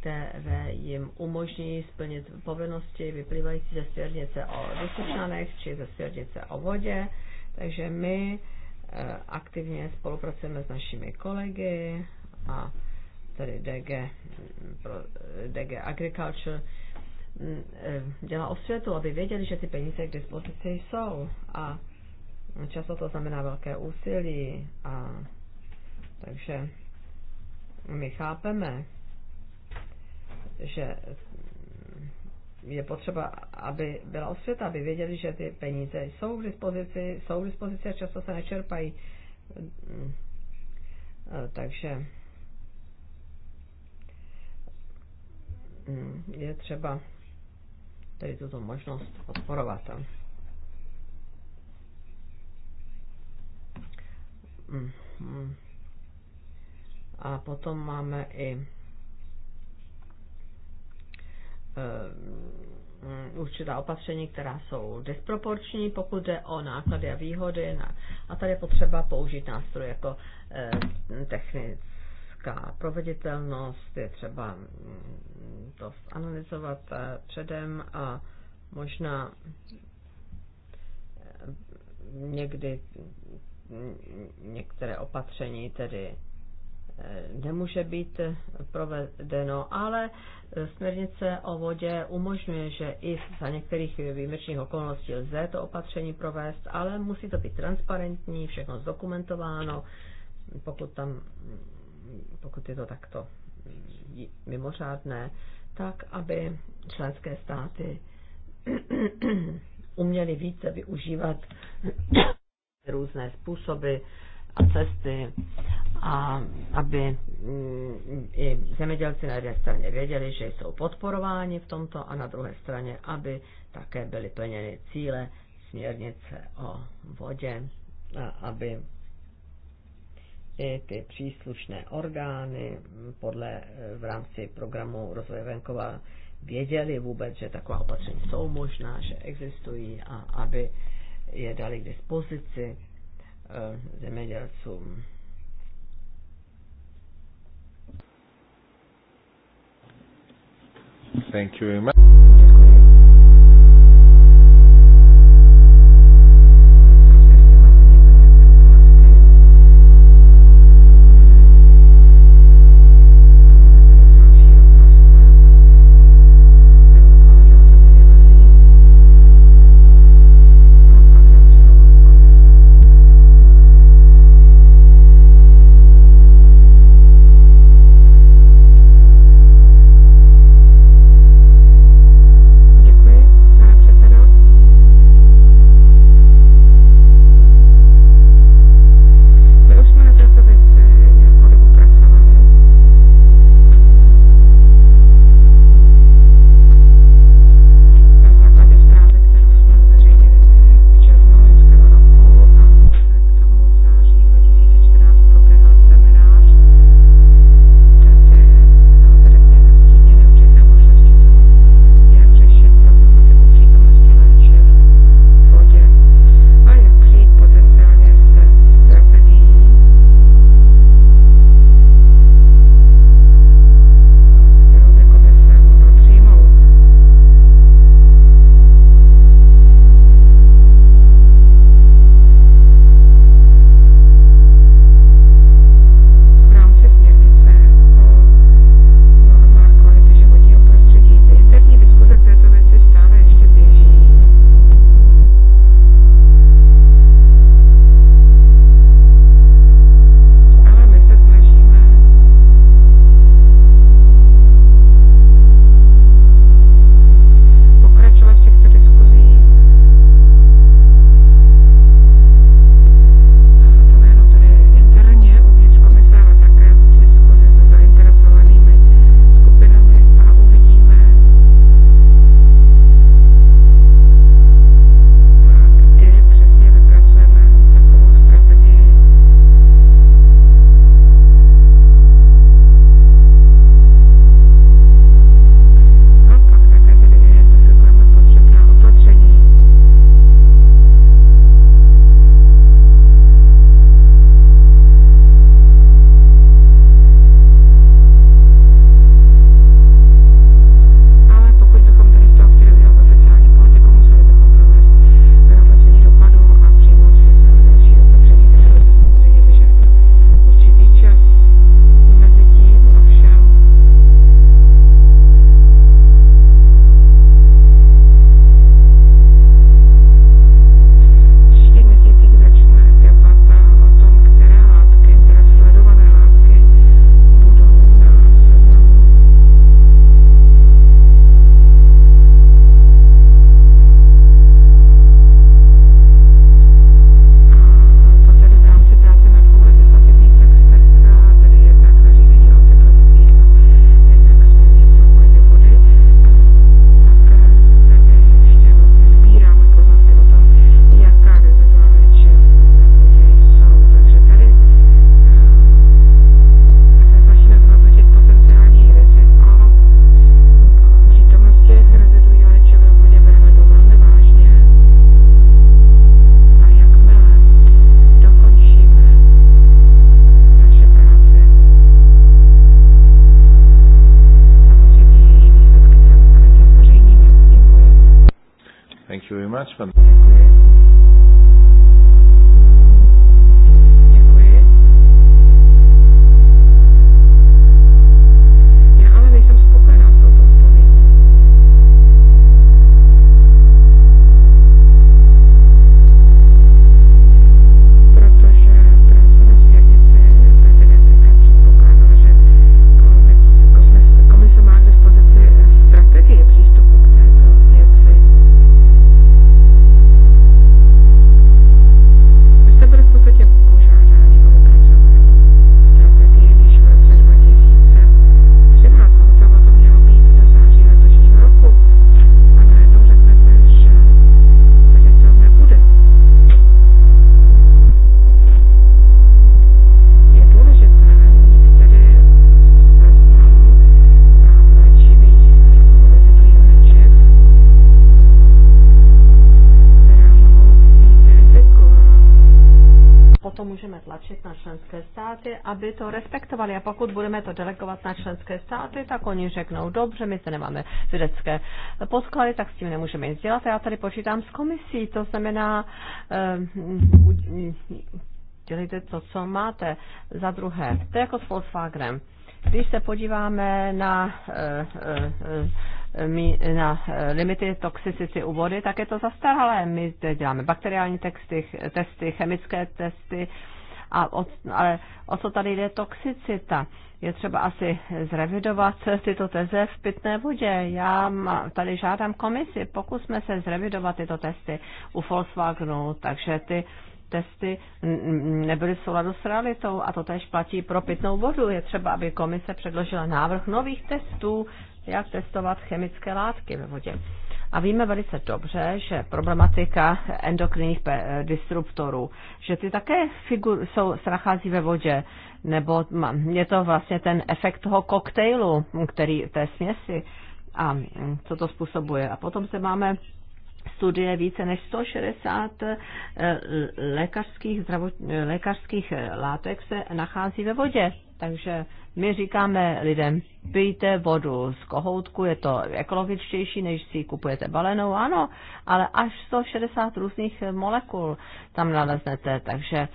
které jim umožní splnit povinnosti vyplývající ze svěrnice o dusičnanech či ze svěrnice o vodě. Takže my eh, aktivně spolupracujeme s našimi kolegy a tady DG, mm, DG Agriculture mm, eh, dělá osvětu, aby věděli, že ty peníze k dispozici jsou. A často to znamená velké úsilí. A takže my chápeme, že mm, je potřeba, aby byla osvěta, aby věděli, že ty peníze jsou k dispozici, jsou k dispozici a často se nečerpají. Mm. E, takže mm, je třeba tady tuto možnost podporovat. A potom máme i Eh, určitá opatření, která jsou disproporční, pokud jde o náklady a výhody. A tady je potřeba použít nástroj jako eh, technická proveditelnost, je třeba mm, to analyzovat eh, předem a možná někdy mm, některé opatření tedy nemůže být provedeno, ale směrnice o vodě umožňuje, že i za některých výjimečných okolností lze to opatření provést, ale musí to být transparentní, všechno zdokumentováno, pokud tam, pokud je to takto mimořádné, tak, aby členské státy uměly více využívat různé způsoby a cesty a aby mm, i zemědělci na jedné straně věděli, že jsou podporováni v tomto a na druhé straně, aby také byly plněny cíle směrnice o vodě a aby i ty příslušné orgány podle v rámci programu rozvoje venkova věděli vůbec, že taková opatření jsou možná, že existují a aby je dali k dispozici Eh, zemědělcům. Thank you very much. to respektovali. A pokud budeme to delegovat na členské státy, tak oni řeknou, dobře, my se nemáme vědecké podklady, tak s tím nemůžeme nic dělat. já tady počítám s komisí, to znamená, ehm, dělejte to, co máte. Za druhé, to je jako s Volkswagenem. Když se podíváme na, eh, eh, eh, na limity toxicity u vody, tak je to zastaralé. My děláme bakteriální texty, testy, chemické testy, a o, ale o co tady jde toxicita? Je třeba asi zrevidovat tyto teze v pitné vodě. Já tady žádám komisi, pokusme se zrevidovat tyto testy u Volkswagenu, takže ty testy nebyly v souladu s realitou a to tež platí pro pitnou vodu. Je třeba, aby komise předložila návrh nových testů, jak testovat chemické látky ve vodě. A víme velice dobře, že problematika endokrinních eh, disruptorů, že ty také figur, jsou, se nachází ve vodě, nebo je to vlastně ten efekt toho koktejlu, který té směsi a mm, co to způsobuje. A potom se máme studie více než 160 eh, lékařských, zdravot, lékařských látek se nachází ve vodě. Takže my říkáme lidem, pijte vodu z kohoutku, je to ekologičtější, než si kupujete balenou, ano, ale až 160 různých molekul tam naleznete, takže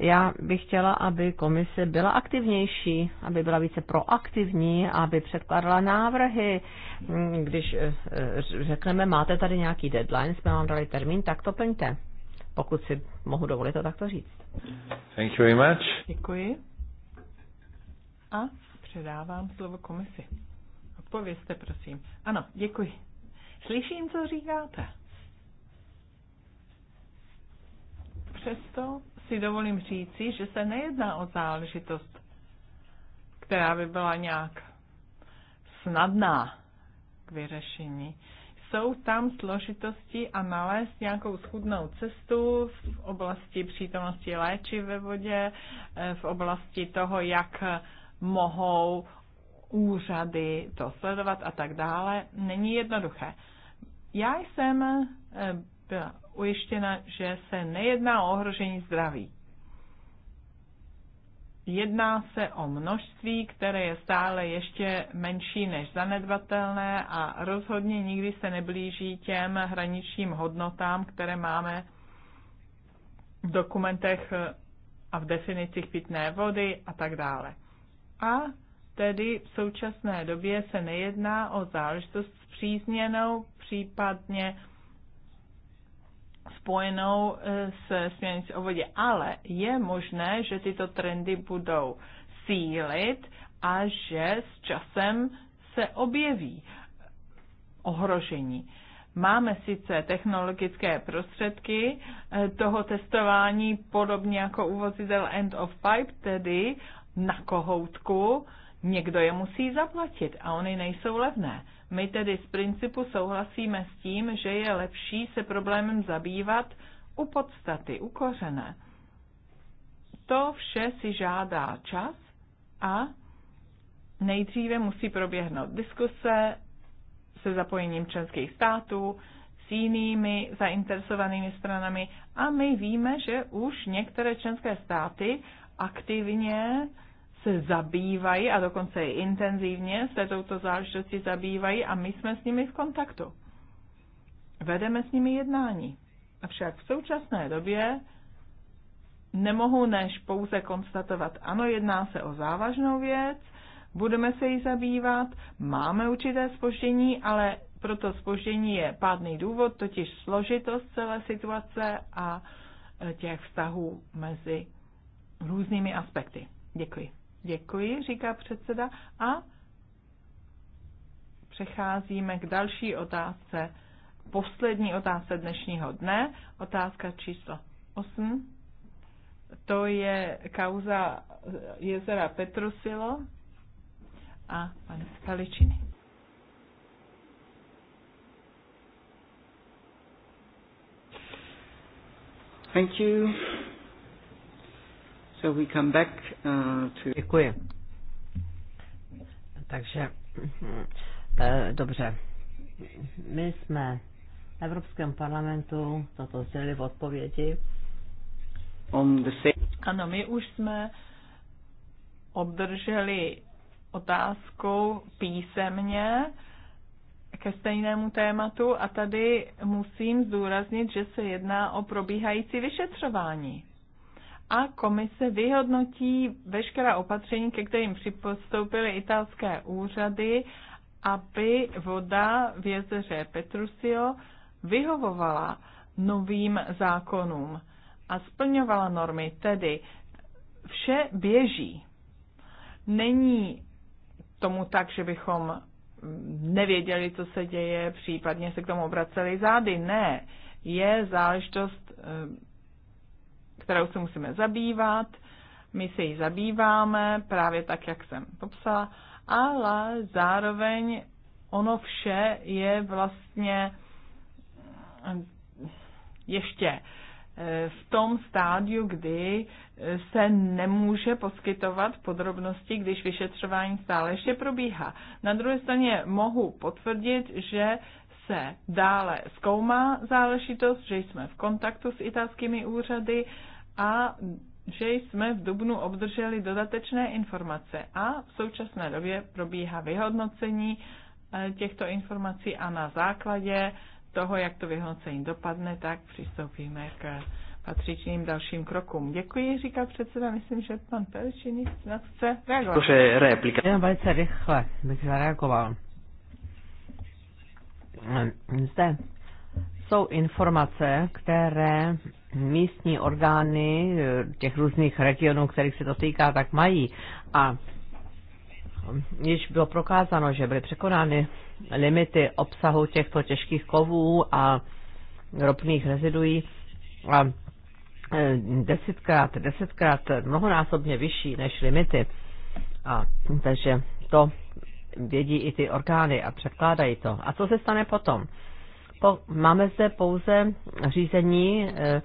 já bych chtěla, aby komise byla aktivnější, aby byla více proaktivní, aby předkládala návrhy. Mm, Když eh, eh, řekneme, máte tady nějaký deadline, jsme vám dali termín, tak to plňte. Pokud si mohu dovolit to takto říct. Thank you very much. Děkuji. A předávám slovo komisi. Odpovězte, prosím. Ano, děkuji. Slyším, co říkáte. Přesto si dovolím říci, že se nejedná o záležitost, která by byla nějak snadná k vyřešení. Jsou tam složitosti a nalézt nějakou schudnou cestu v oblasti přítomnosti léčiv ve vodě, v oblasti toho, jak mohou úřady to sledovat a tak dále, není jednoduché. Já jsem eh, byla ujištěna, že se nejedná o ohrožení zdraví. Jedná se o množství, které je stále ještě menší než zanedbatelné a rozhodně nikdy se neblíží těm hraničním hodnotám, které máme v dokumentech a v definicích pitné vody a tak dále. A tedy v současné době se nejedná o záležitost přízněnou, případně spojenou eh, s směrnicí o vodě. Ale je možné, že tyto trendy budou sílit a že s časem se objeví ohrožení. Máme sice technologické prostředky eh, toho testování, podobně jako u vozidel end of pipe, tedy na kohoutku, někdo je musí zaplatit a oni nejsou levné. My tedy z principu souhlasíme s tím, že je lepší se problémem zabývat u podstaty, u kořené. To vše si žádá čas a nejdříve musí proběhnout diskuse se zapojením členských států, s jinými zainteresovanými stranami a my víme, že už některé členské státy aktivně se zabývají a dokonce i intenzivně se touto záležitostí zabývají a my jsme s nimi v kontaktu. Vedeme s nimi jednání. Avšak v současné době nemohu než pouze konstatovat, ano, jedná se o závažnou věc, budeme se jí zabývat, máme určité spoždění, ale proto spoždění je pádný důvod, totiž složitost celé situace a e, těch vztahů mezi různými aspekty. Děkuji. Děkuji, říká předseda. A přecházíme k další otázce. Poslední otázce dnešního dne, otázka číslo 8. To je kauza jezera Petrusilo a pan Staličiny. Thank you. So we come back, uh, to... Děkuji. Takže, eh, dobře. My jsme v Evropském parlamentu toto sdělili v odpovědi. On the same... Ano, my už jsme obdrželi otázkou písemně ke stejnému tématu a tady musím zdůraznit, že se jedná o probíhající vyšetřování a komise vyhodnotí veškerá opatření, ke kterým připostoupily italské úřady, aby voda v jezeře Petrusio vyhovovala novým zákonům a splňovala normy, tedy vše běží. Není tomu tak, že bychom nevěděli, co se děje, případně se k tomu obraceli zády. Ne, je záležitost eh, kterou se musíme zabývat. My se jí zabýváme právě tak, jak jsem popsala, ale zároveň ono vše je vlastně eh, ještě eh, v tom stádiu, kdy eh, se nemůže poskytovat podrobnosti, když vyšetřování stále ještě probíhá. Na druhé straně mohu potvrdit, že se dále zkoumá záležitost, že jsme v kontaktu s italskými úřady, a že jsme v Dubnu obdrželi dodatečné informace a v současné době probíhá vyhodnocení eh, těchto informací a na základě toho, jak to vyhodnocení dopadne, tak přistoupíme k patřičným dalším krokům. Děkuji, říká předseda, myslím, že pan Pelčiny snad chce reagovat. To je replika. Jenom velice rychle bych zareagoval. Zde jsou informace, které místní orgány eh, těch různých regionů, kterých se to týká, tak mají. A již bylo prokázáno, že byly překonány limity obsahu těchto těžkých kovů a ropných reziduí a eh, desetkrát, desetkrát mnohonásobně vyšší než limity. A, takže to vědí i ty orgány a překládají to. A co se stane potom? po, máme zde pouze řízení eh,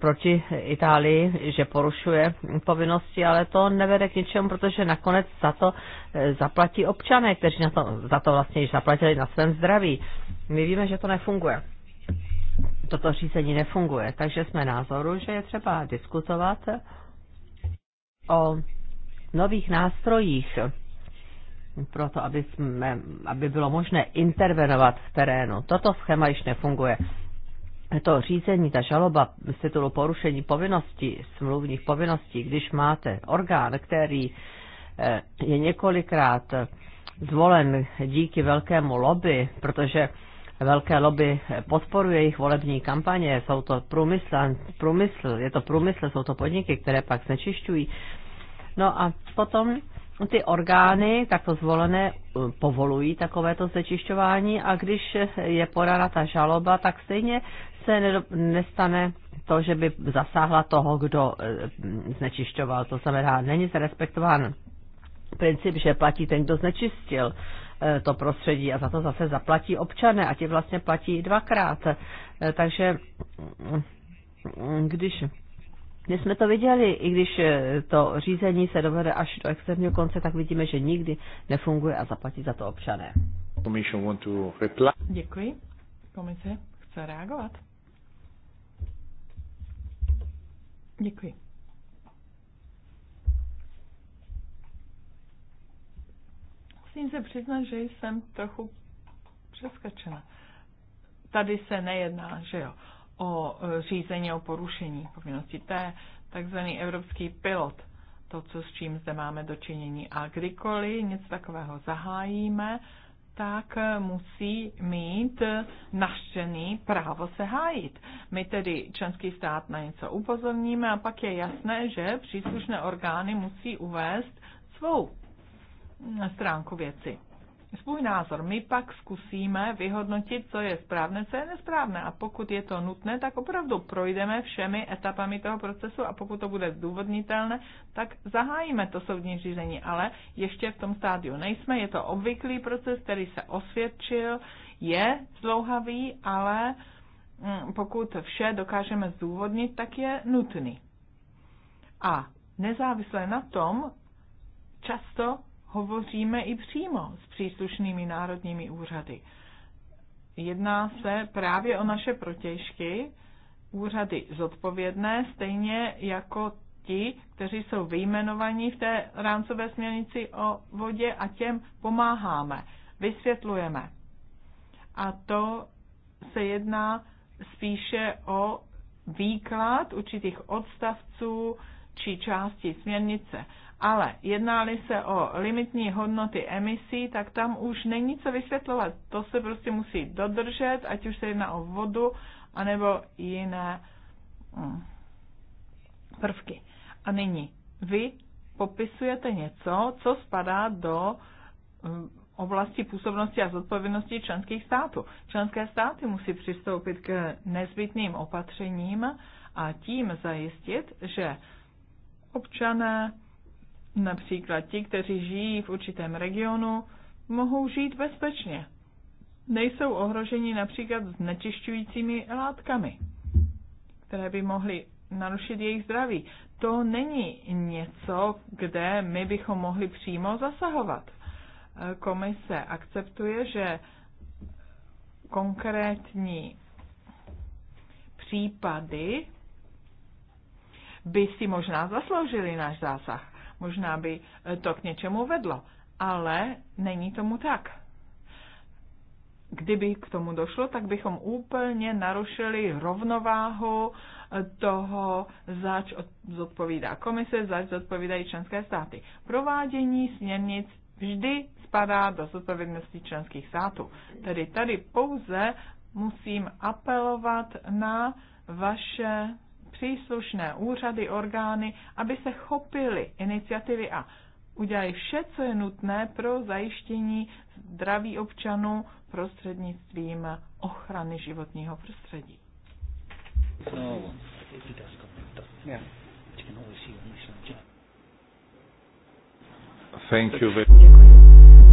proti Itálii, že porušuje povinnosti, ale to nevede k ničemu, protože nakonec za to eh, zaplatí občané, kteří na to, za to vlastně již zaplatili na svém zdraví. My víme, že to nefunguje. Toto řízení nefunguje, takže jsme názoru, že je třeba diskutovat o nových nástrojích proto, aby, jsme, aby bylo možné intervenovat v terénu. Toto schéma již nefunguje. To řízení, ta žaloba z titulu porušení povinností, smluvních povinností, když máte orgán, který eh, je několikrát zvolen díky velkému lobby, protože velké lobby podporuje jejich volební kampaně, jsou to průmysl, průmysl, je to průmysl, jsou to podniky, které pak znečišťují. No a potom ty orgány takto zvolené eh, povolují takovéto znečišťování a když je podána ta žaloba, tak stejně se nestane to, že by zasáhla toho, kdo eh, znečišťoval. To znamená, není se respektován princip, že platí ten, kdo znečistil eh, to prostředí a za to zase zaplatí občané a ti vlastně platí dvakrát. Takže mm, mm, když my jsme to viděli, i když eh, to řízení se dovede až do externího konce, tak vidíme, že nikdy nefunguje a zaplatí za to občané. Děkuji. Komise chce reagovat. Děkuji. Musím se přiznat, že jsem trochu přeskačena. Tady se nejedná, že jo, o e, řízení o porušení povinnosti. To je takzvaný evropský pilot, to, co s čím zde máme dočinění. A kdykoliv něco takového zahájíme, tak e, musí mít naštěný právo se hájit. My tedy členský stát na něco upozorníme a pak je jasné, že příslušné orgány musí uvést svou stránku věci svůj názor. My pak zkusíme vyhodnotit, co je správné, co je nesprávné. A pokud je to nutné, tak opravdu projdeme všemi etapami toho procesu a pokud to bude zdůvodnitelné, tak zahájíme to soudní řízení. Ale ještě v tom stádiu nejsme. Je to obvyklý proces, který se osvědčil, je zlouhavý, ale mm, pokud vše dokážeme zdůvodnit, tak je nutný. A nezávisle na tom, často hovoříme i přímo s příslušnými národními úřady. Jedná se právě o naše protěžky, úřady zodpovědné, stejně jako ti, kteří jsou vyjmenovaní v té rámcové směrnici o vodě a těm pomáháme, vysvětlujeme. A to se jedná spíše o výklad určitých odstavců, či části směrnice. Ale jednáli se o limitní hodnoty emisí, tak tam už není co vysvětlovat. To se prostě musí dodržet, ať už se jedná o vodu, anebo jiné mm, prvky. A nyní, vy popisujete něco, co spadá do mm, oblasti působnosti a zodpovědnosti členských států. Členské státy musí přistoupit k nezbytným opatřením a tím zajistit, že Občané, například ti, kteří žijí v určitém regionu, mohou žít bezpečně. Nejsou ohroženi například znečišťujícími látkami, které by mohly narušit jejich zdraví. To není něco, kde my bychom mohli přímo zasahovat. Komise akceptuje, že konkrétní případy by si možná zasloužili náš zásah. Možná by eh, to k něčemu vedlo. Ale není tomu tak. Kdyby k tomu došlo, tak bychom úplně narušili rovnováhu eh, toho, zač zodpovídá komise, zač zodpovídají členské státy. Provádění směrnic vždy spadá do zodpovědnosti členských států. Tedy tady pouze musím apelovat na vaše příslušné úřady, orgány, aby se chopili iniciativy a udělají vše, co je nutné pro zajištění zdraví občanů prostřednictvím ochrany životního prostředí. Thank you very much.